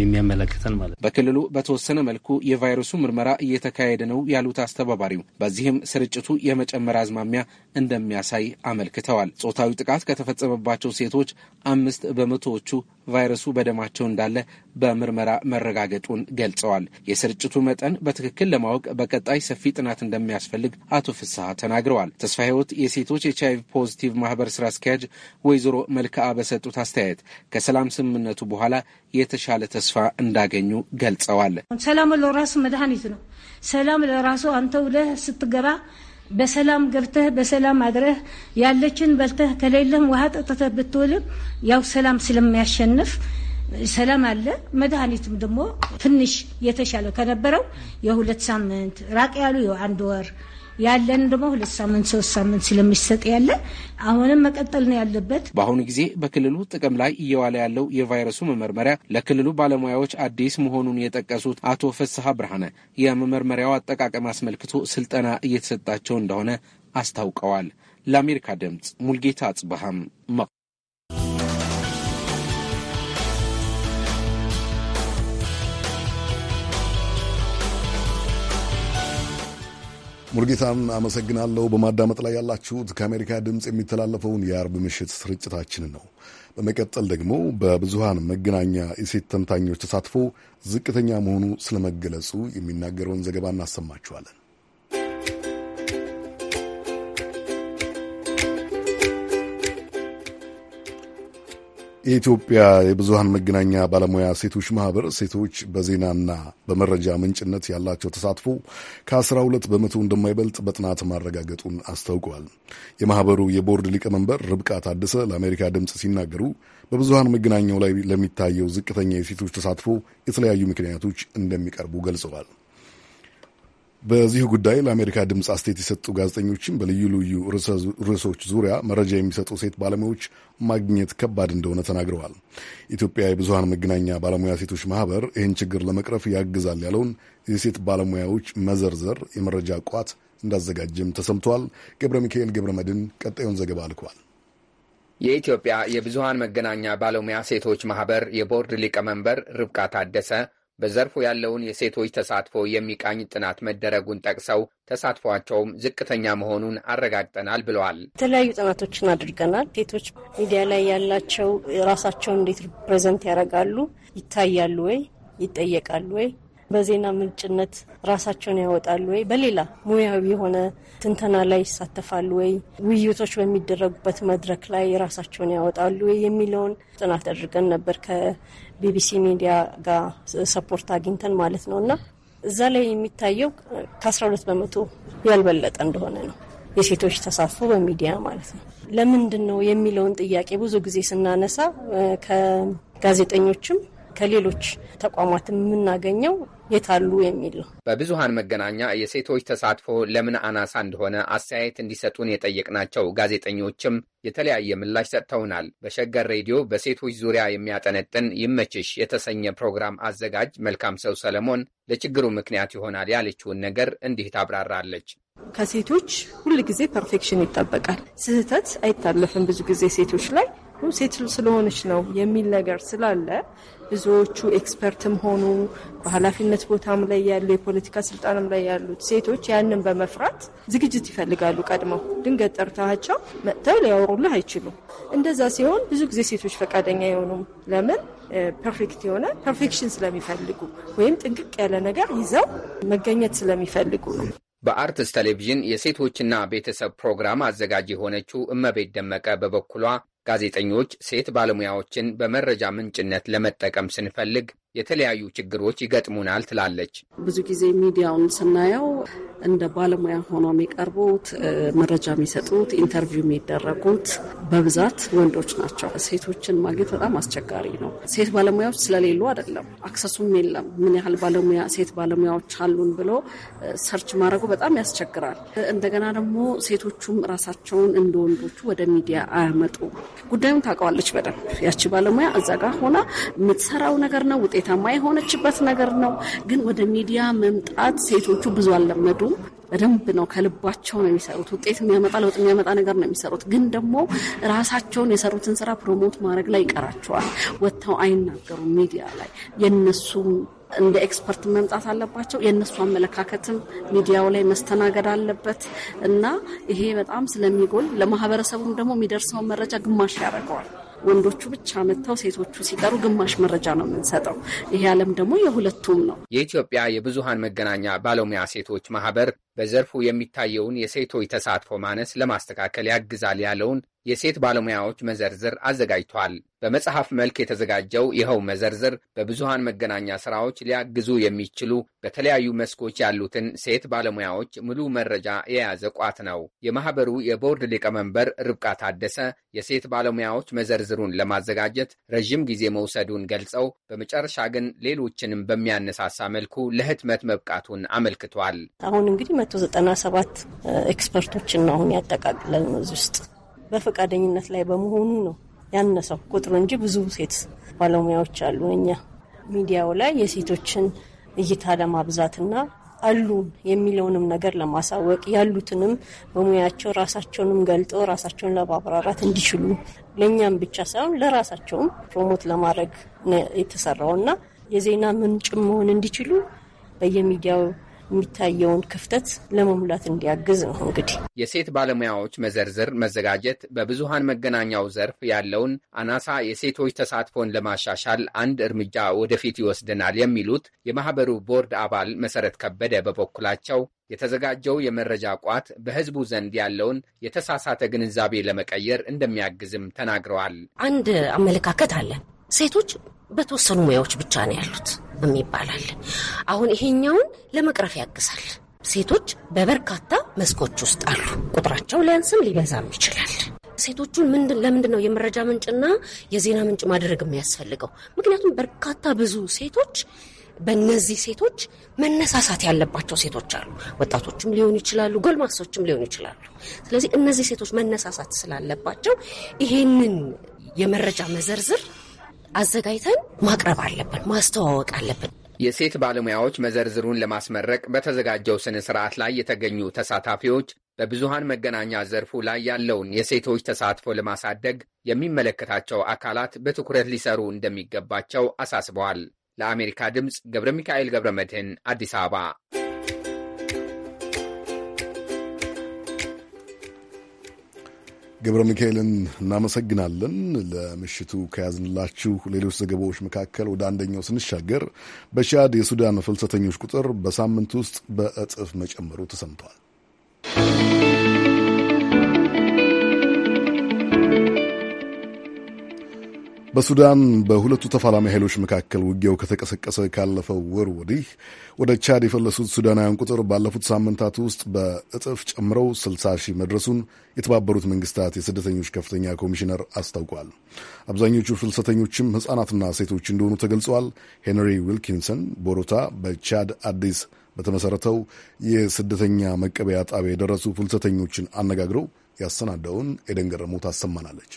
የሚያመለክተን ማለት ነው። በክልሉ በተወሰነ መልኩ የቫይረሱ ምርመራ እየተካሄደ ነው ያሉት አስተባባሪው፣ በዚህም ስርጭቱ የመጨመር አዝማሚያ እንደሚያሳይ አመልክተዋል። ጾታዊ ጥቃት ከተፈጸመባቸው ሴቶች አምስት በመቶዎቹ ቫይረሱ በደማቸው እንዳለ በምርመራ መረጋገጡን ገልጸዋል። የስርጭቱ መጠን በትክክል ለማወቅ በቀጣይ ሰፊ ጥናት እንደሚያስፈልግ አቶ ፍስሐ ተናግረዋል። ተስፋ ህይወት የሴቶች ኤች አይቪ ፖዚቲቭ ማህበር ስራ አስኪያጅ ወይዘሮ መልክዓ በሰጡት አስተያየት ከሰላም ስምምነቱ በኋላ የተሻለ ተስፋ እንዳገኙ ገልጸዋል። ሰላም ለራሱ መድኃኒት ነው። ሰላም ለራሱ አንተ ውለህ ስትገባ በሰላም ገብተህ በሰላም አድረህ ያለችን በልተህ ከሌለም ውሃ ጠጥተህ ብትውልም ያው ሰላም ስለሚያሸንፍ ሰላም አለ። መድኃኒትም ደግሞ ትንሽ የተሻለ ከነበረው የሁለት ሳምንት ራቅ ያሉ የአንድ ወር ያለን ደግሞ ሁለት ሳምንት ሶስት ሳምንት ስለሚሰጥ ያለ አሁንም መቀጠል ነው ያለበት። በአሁኑ ጊዜ በክልሉ ጥቅም ላይ እየዋለ ያለው የቫይረሱ መመርመሪያ ለክልሉ ባለሙያዎች አዲስ መሆኑን የጠቀሱት አቶ ፍስሐ ብርሃነ የመመርመሪያው አጠቃቀም አስመልክቶ ስልጠና እየተሰጣቸው እንደሆነ አስታውቀዋል። ለአሜሪካ ድምፅ ሙልጌታ አጽበሃም ሙርጌታን አመሰግናለሁ። በማዳመጥ ላይ ያላችሁት ከአሜሪካ ድምፅ የሚተላለፈውን የአርብ ምሽት ስርጭታችንን ነው። በመቀጠል ደግሞ በብዙሃን መገናኛ የሴት ተንታኞች ተሳትፎ ዝቅተኛ መሆኑ ስለመገለጹ የሚናገረውን ዘገባ እናሰማችኋለን። የኢትዮጵያ የብዙሃን መገናኛ ባለሙያ ሴቶች ማህበር ሴቶች በዜናና በመረጃ ምንጭነት ያላቸው ተሳትፎ ከ12 በመቶ እንደማይበልጥ በጥናት ማረጋገጡን አስታውቀዋል። የማህበሩ የቦርድ ሊቀመንበር ርብቃ ታደሰ ለአሜሪካ ድምፅ ሲናገሩ በብዙሃን መገናኛው ላይ ለሚታየው ዝቅተኛ የሴቶች ተሳትፎ የተለያዩ ምክንያቶች እንደሚቀርቡ ገልጸዋል። በዚሁ ጉዳይ ለአሜሪካ ድምፅ አስተያየት የሰጡ ጋዜጠኞችን በልዩ ልዩ ርዕሶች ዙሪያ መረጃ የሚሰጡ ሴት ባለሙያዎች ማግኘት ከባድ እንደሆነ ተናግረዋል። ኢትዮጵያ የብዙሀን መገናኛ ባለሙያ ሴቶች ማህበር ይህን ችግር ለመቅረፍ ያግዛል ያለውን የሴት ባለሙያዎች መዘርዘር የመረጃ ቋት እንዳዘጋጀም ተሰምተዋል። ገብረ ሚካኤል ገብረ መድን ቀጣዩን ዘገባ አልከዋል። የኢትዮጵያ የብዙሀን መገናኛ ባለሙያ ሴቶች ማህበር የቦርድ ሊቀመንበር ርብቃ ታደሰ በዘርፉ ያለውን የሴቶች ተሳትፎ የሚቃኝ ጥናት መደረጉን ጠቅሰው ተሳትፏቸውም ዝቅተኛ መሆኑን አረጋግጠናል ብለዋል። የተለያዩ ጥናቶችን አድርገናል። ሴቶች ሚዲያ ላይ ያላቸው ራሳቸውን እንዴት ፕሬዘንት ያደርጋሉ? ይታያሉ ወይ? ይጠየቃሉ ወይ? በዜና ምንጭነት ራሳቸውን ያወጣሉ ወይ? በሌላ ሙያዊ የሆነ ትንተና ላይ ይሳተፋሉ ወይ? ውይይቶች በሚደረጉበት መድረክ ላይ ራሳቸውን ያወጣሉ ወይ የሚለውን ጥናት አድርገን ነበር ከቢቢሲ ሚዲያ ጋር ሰፖርት አግኝተን ማለት ነው እና እዛ ላይ የሚታየው ከ12 በመቶ ያልበለጠ እንደሆነ ነው የሴቶች ተሳትፎ በሚዲያ ማለት ነው። ለምንድን ነው የሚለውን ጥያቄ ብዙ ጊዜ ስናነሳ ከጋዜጠኞችም ከሌሎች ተቋማት የምናገኘው የታሉ የሚል ነው። በብዙሃን መገናኛ የሴቶች ተሳትፎ ለምን አናሳ እንደሆነ አስተያየት እንዲሰጡን የጠየቅናቸው ጋዜጠኞችም የተለያየ ምላሽ ሰጥተውናል። በሸገር ሬዲዮ በሴቶች ዙሪያ የሚያጠነጥን ይመችሽ የተሰኘ ፕሮግራም አዘጋጅ መልካም ሰው ሰለሞን ለችግሩ ምክንያት ይሆናል ያለችውን ነገር እንዲህ ታብራራለች። ከሴቶች ሁል ጊዜ ፐርፌክሽን ይጠበቃል። ስህተት አይታለፍም ብዙ ጊዜ ሴቶች ላይ ሴትል ስለሆነች ነው የሚል ነገር ስላለ ብዙዎቹ ኤክስፐርትም ሆኑ በኃላፊነት ቦታም ላይ ያሉ የፖለቲካ ስልጣንም ላይ ያሉት ሴቶች ያንን በመፍራት ዝግጅት ይፈልጋሉ። ቀድመው ድንገት ጠርታቸው መጥተው ሊያወሩልህ አይችሉም። እንደዛ ሲሆን ብዙ ጊዜ ሴቶች ፈቃደኛ አይሆኑም። ለምን? ፐርፌክት የሆነ ፐርፌክሽን ስለሚፈልጉ ወይም ጥንቅቅ ያለ ነገር ይዘው መገኘት ስለሚፈልጉ ነው። በአርትስ ቴሌቪዥን የሴቶችና ቤተሰብ ፕሮግራም አዘጋጅ የሆነችው እመቤት ደመቀ በበኩሏ ጋዜጠኞች ሴት ባለሙያዎችን በመረጃ ምንጭነት ለመጠቀም ስንፈልግ የተለያዩ ችግሮች ይገጥሙናል ትላለች። ብዙ ጊዜ ሚዲያውን ስናየው እንደ ባለሙያ ሆኖ የሚቀርቡት መረጃ የሚሰጡት ኢንተርቪው የሚደረጉት በብዛት ወንዶች ናቸው። ሴቶችን ማግኘት በጣም አስቸጋሪ ነው። ሴት ባለሙያዎች ስለሌሉ አይደለም፣ አክሰሱም የለም። ምን ያህል ባለሙያ ሴት ባለሙያዎች አሉን ብሎ ሰርች ማድረጉ በጣም ያስቸግራል። እንደገና ደግሞ ሴቶቹም ራሳቸውን እንደ ወንዶቹ ወደ ሚዲያ አያመጡ። ጉዳዩን ታውቀዋለች በደንብ ያቺ ባለሙያ እዛ ጋር ሆና የምትሰራው ነገር ነው ውጤት ውጤታማ የሆነችበት ነገር ነው። ግን ወደ ሚዲያ መምጣት ሴቶቹ ብዙ አልለመዱም። በደንብ ነው ከልባቸው ነው የሚሰሩት። ውጤት የሚያመጣ ለውጥ የሚያመጣ ነገር ነው የሚሰሩት። ግን ደግሞ ራሳቸውን የሰሩትን ስራ ፕሮሞት ማድረግ ላይ ይቀራቸዋል። ወጥተው አይናገሩም ሚዲያ ላይ የነሱም እንደ ኤክስፐርት መምጣት አለባቸው። የእነሱ አመለካከትም ሚዲያው ላይ መስተናገድ አለበት እና ይሄ በጣም ስለሚጎል ለማህበረሰቡም ደግሞ የሚደርሰውን መረጃ ግማሽ ያደርገዋል። ወንዶቹ ብቻ መጥተው ሴቶቹ ሲቀሩ ግማሽ መረጃ ነው የምንሰጠው። ይሄ ዓለም ደግሞ የሁለቱም ነው። የኢትዮጵያ የብዙሃን መገናኛ ባለሙያ ሴቶች ማህበር በዘርፉ የሚታየውን የሴቶች ተሳትፎ ማነስ ለማስተካከል ያግዛል ያለውን የሴት ባለሙያዎች መዘርዝር አዘጋጅቷል። በመጽሐፍ መልክ የተዘጋጀው ይኸው መዘርዝር በብዙሃን መገናኛ ስራዎች ሊያግዙ የሚችሉ በተለያዩ መስኮች ያሉትን ሴት ባለሙያዎች ሙሉ መረጃ የያዘ ቋት ነው። የማህበሩ የቦርድ ሊቀመንበር ርብቃ ታደሰ የሴት ባለሙያዎች መዘርዝሩን ለማዘጋጀት ረዥም ጊዜ መውሰዱን ገልጸው በመጨረሻ ግን ሌሎችንም በሚያነሳሳ መልኩ ለህትመት መብቃቱን አመልክቷል። አሁን እንግዲህ መቶ ዘጠና ሰባት አሁን ያጠቃቅለል ነው እዚህ ውስጥ በፈቃደኝነት ላይ በመሆኑ ነው ያነሰው ቁጥሩ እንጂ ብዙ ሴት ባለሙያዎች አሉ። እኛ ሚዲያው ላይ የሴቶችን እይታ ለማብዛትና አሉ የሚለውንም ነገር ለማሳወቅ ያሉትንም በሙያቸው ራሳቸውንም ገልጠው ራሳቸውን ለማብራራት እንዲችሉ ለእኛም ብቻ ሳይሆን ለራሳቸውም ፕሮሞት ለማድረግ የተሰራው እና የዜና ምንጭ መሆን እንዲችሉ በየሚዲያው የሚታየውን ክፍተት ለመሙላት እንዲያግዝ ነው። እንግዲህ የሴት ባለሙያዎች መዘርዝር መዘጋጀት በብዙሃን መገናኛው ዘርፍ ያለውን አናሳ የሴቶች ተሳትፎን ለማሻሻል አንድ እርምጃ ወደፊት ይወስደናል የሚሉት የማህበሩ ቦርድ አባል መሰረት ከበደ በበኩላቸው የተዘጋጀው የመረጃ ቋት በህዝቡ ዘንድ ያለውን የተሳሳተ ግንዛቤ ለመቀየር እንደሚያግዝም ተናግረዋል። አንድ አመለካከት አለን ሴቶች በተወሰኑ ሙያዎች ብቻ ነው ያሉት የሚባላል። አሁን ይሄኛውን ለመቅረፍ ያግዛል። ሴቶች በበርካታ መስኮች ውስጥ አሉ። ቁጥራቸው ሊያንስም ሊበዛም ይችላል። ሴቶቹን ምንድን ለምንድን ነው የመረጃ ምንጭና የዜና ምንጭ ማድረግ የሚያስፈልገው? ምክንያቱም በርካታ ብዙ ሴቶች በእነዚህ ሴቶች መነሳሳት ያለባቸው ሴቶች አሉ። ወጣቶችም ሊሆኑ ይችላሉ፣ ጎልማሶችም ሊሆኑ ይችላሉ። ስለዚህ እነዚህ ሴቶች መነሳሳት ስላለባቸው ይሄንን የመረጃ መዘርዝር አዘጋጅተን ማቅረብ አለብን፣ ማስተዋወቅ አለብን። የሴት ባለሙያዎች መዘርዝሩን ለማስመረቅ በተዘጋጀው ስነ ስርዓት ላይ የተገኙ ተሳታፊዎች በብዙሃን መገናኛ ዘርፉ ላይ ያለውን የሴቶች ተሳትፎ ለማሳደግ የሚመለከታቸው አካላት በትኩረት ሊሰሩ እንደሚገባቸው አሳስበዋል። ለአሜሪካ ድምፅ ገብረ ሚካኤል ገብረ መድህን አዲስ አበባ ገብረ ሚካኤልን እናመሰግናለን። ለምሽቱ ከያዝንላችሁ ሌሎች ዘገባዎች መካከል ወደ አንደኛው ስንሻገር በቻድ የሱዳን ፍልሰተኞች ቁጥር በሳምንት ውስጥ በእጥፍ መጨመሩ ተሰምቷል። በሱዳን በሁለቱ ተፋላሚ ኃይሎች መካከል ውጊያው ከተቀሰቀሰ ካለፈው ወር ወዲህ ወደ ቻድ የፈለሱት ሱዳናውያን ቁጥር ባለፉት ሳምንታት ውስጥ በእጥፍ ጨምረው 60 ሺህ መድረሱን የተባበሩት መንግስታት የስደተኞች ከፍተኛ ኮሚሽነር አስታውቋል። አብዛኞቹ ፍልሰተኞችም ሕጻናትና ሴቶች እንደሆኑ ተገልጸዋል። ሄንሪ ዊልኪንሰን ቦሮታ በቻድ አዲስ በተመሠረተው የስደተኛ መቀበያ ጣቢያ የደረሱ ፍልሰተኞችን አነጋግረው ያሰናዳውን ኤደን ገረመው ታሰማናለች።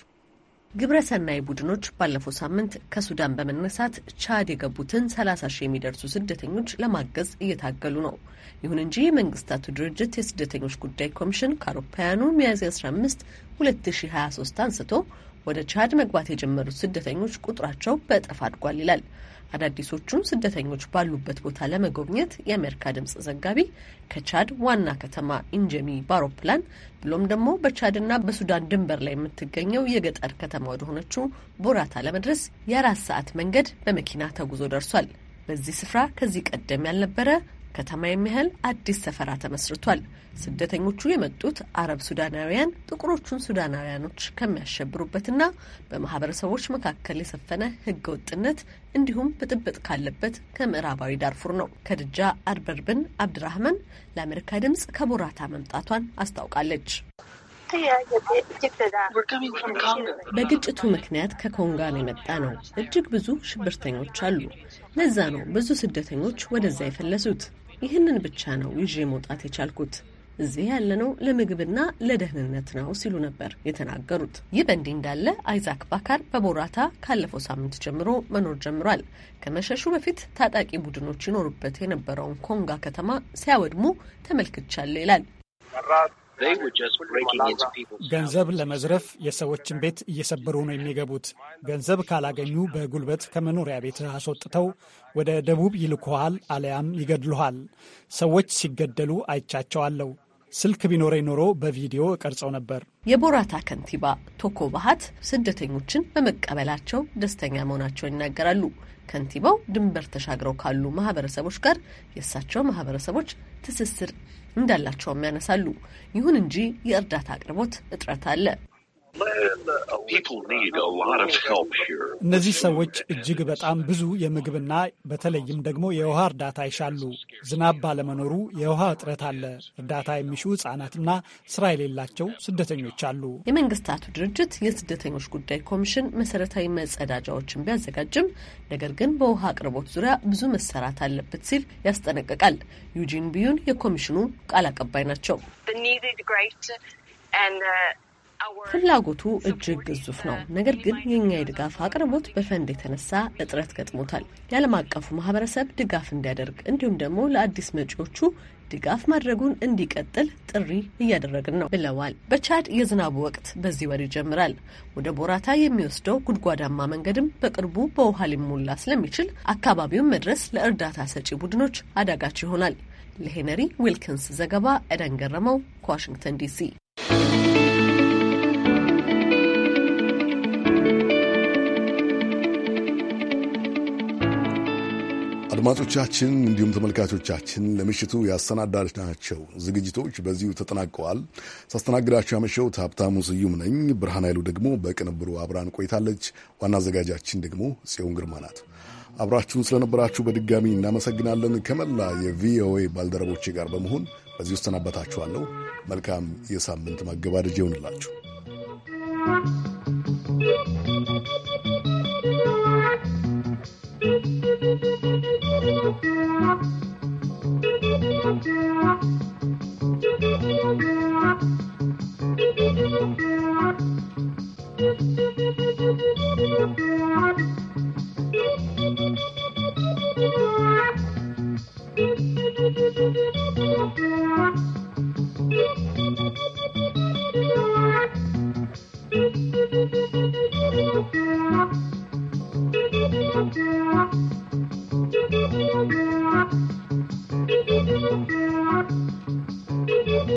ግብረሰናይ ቡድኖች ባለፈው ሳምንት ከሱዳን በመነሳት ቻድ የገቡትን 30 ሺህ የሚደርሱ ስደተኞች ለማገዝ እየታገሉ ነው። ይሁን እንጂ የመንግስታቱ ድርጅት የስደተኞች ጉዳይ ኮሚሽን ከአውሮፓውያኑ ሚያዝያ 15 2023 አንስቶ ወደ ቻድ መግባት የጀመሩት ስደተኞች ቁጥራቸው በእጥፍ አድጓል ይላል። አዳዲሶቹን ስደተኞች ባሉበት ቦታ ለመጎብኘት የአሜሪካ ድምጽ ዘጋቢ ከቻድ ዋና ከተማ ኢንጀሚ በአውሮፕላን ብሎም ደግሞ በቻድና በሱዳን ድንበር ላይ የምትገኘው የገጠር ከተማ ወደሆነችው ቦራታ ለመድረስ የአራት ሰዓት መንገድ በመኪና ተጉዞ ደርሷል። በዚህ ስፍራ ከዚህ ቀደም ያልነበረ ከተማ የሚያህል አዲስ ሰፈራ ተመስርቷል። ስደተኞቹ የመጡት አረብ ሱዳናውያን ጥቁሮቹን ሱዳናውያኖች ከሚያሸብሩበትና በማህበረሰቦች መካከል የሰፈነ ህገ ወጥነት እንዲሁም ብጥብጥ ካለበት ከምዕራባዊ ዳርፉር ነው። ከድጃ አርበርብን አብድራህማን ለአሜሪካ ድምጽ ከቦራታ መምጣቷን አስታውቃለች። በግጭቱ ምክንያት ከኮንጋ ነው የመጣ ነው። እጅግ ብዙ ሽብርተኞች አሉ። ለዛ ነው ብዙ ስደተኞች ወደዛ የፈለሱት። ይህንን ብቻ ነው ይዤ መውጣት የቻልኩት። እዚህ ያለነው ለምግብና ለደህንነት ነው ሲሉ ነበር የተናገሩት። ይህ በእንዲህ እንዳለ አይዛክ ባካር በቦራታ ካለፈው ሳምንት ጀምሮ መኖር ጀምሯል። ከመሸሹ በፊት ታጣቂ ቡድኖች ይኖሩበት የነበረውን ኮንጋ ከተማ ሲያወድሙ ተመልክቻለሁ ይላል። ገንዘብ ለመዝረፍ የሰዎችን ቤት እየሰበሩ ነው የሚገቡት። ገንዘብ ካላገኙ በጉልበት ከመኖሪያ ቤት አስወጥተው ወደ ደቡብ ይልኩሃል፣ አለያም ይገድሉሃል። ሰዎች ሲገደሉ አይቻቸዋለሁ። ስልክ ቢኖረ ኖሮ በቪዲዮ ቀርጸው ነበር። የቦራታ ከንቲባ ቶኮ ባሃት ስደተኞችን በመቀበላቸው ደስተኛ መሆናቸውን ይናገራሉ። ከንቲባው ድንበር ተሻግረው ካሉ ማህበረሰቦች ጋር የእሳቸው ማህበረሰቦች ትስስር እንዳላቸውም ያነሳሉ። ይሁን እንጂ የእርዳታ አቅርቦት እጥረት አለ። እነዚህ ሰዎች እጅግ በጣም ብዙ የምግብና በተለይም ደግሞ የውሃ እርዳታ ይሻሉ። ዝናብ ባለመኖሩ የውሃ እጥረት አለ። እርዳታ የሚሹ ህጻናትና ስራ የሌላቸው ስደተኞች አሉ። የመንግስታቱ ድርጅት የስደተኞች ጉዳይ ኮሚሽን መሰረታዊ መጸዳጃዎችን ቢያዘጋጅም ነገር ግን በውሃ አቅርቦት ዙሪያ ብዙ መሰራት አለበት ሲል ያስጠነቅቃል። ዩጂን ቢዩን የኮሚሽኑ ቃል አቀባይ ናቸው። ፍላጎቱ እጅግ ግዙፍ ነው። ነገር ግን የኛ የድጋፍ አቅርቦት በፈንድ የተነሳ እጥረት ገጥሞታል። የዓለም አቀፉ ማህበረሰብ ድጋፍ እንዲያደርግ እንዲሁም ደግሞ ለአዲስ መጪዎቹ ድጋፍ ማድረጉን እንዲቀጥል ጥሪ እያደረግን ነው ብለዋል። በቻድ የዝናቡ ወቅት በዚህ ወር ይጀምራል። ወደ ቦራታ የሚወስደው ጉድጓዳማ መንገድም በቅርቡ በውሃ ሊሞላ ስለሚችል አካባቢውን መድረስ ለእርዳታ ሰጪ ቡድኖች አዳጋች ይሆናል። ለሄነሪ ዊልኪንስ ዘገባ ኤደን ገረመው ከዋሽንግተን ዲሲ አድማጮቻችን እንዲሁም ተመልካቾቻችን ለምሽቱ ያሰናዳናቸው ዝግጅቶች በዚሁ ተጠናቀዋል። ሳስተናግዳችሁ ያመሸሁት ሀብታሙ ስዩም ነኝ። ብርሃን ኃይሉ ደግሞ በቅንብሩ አብራን ቆይታለች። ዋና አዘጋጃችን ደግሞ ጽዮን ግርማ ናት። አብራችሁን ስለነበራችሁ በድጋሚ እናመሰግናለን። ከመላ የቪኦኤ ባልደረቦቼ ጋር በመሆን በዚሁ እሰናበታችኋለሁ። መልካም የሳምንት ማገባደጅ ይሆንላችሁ።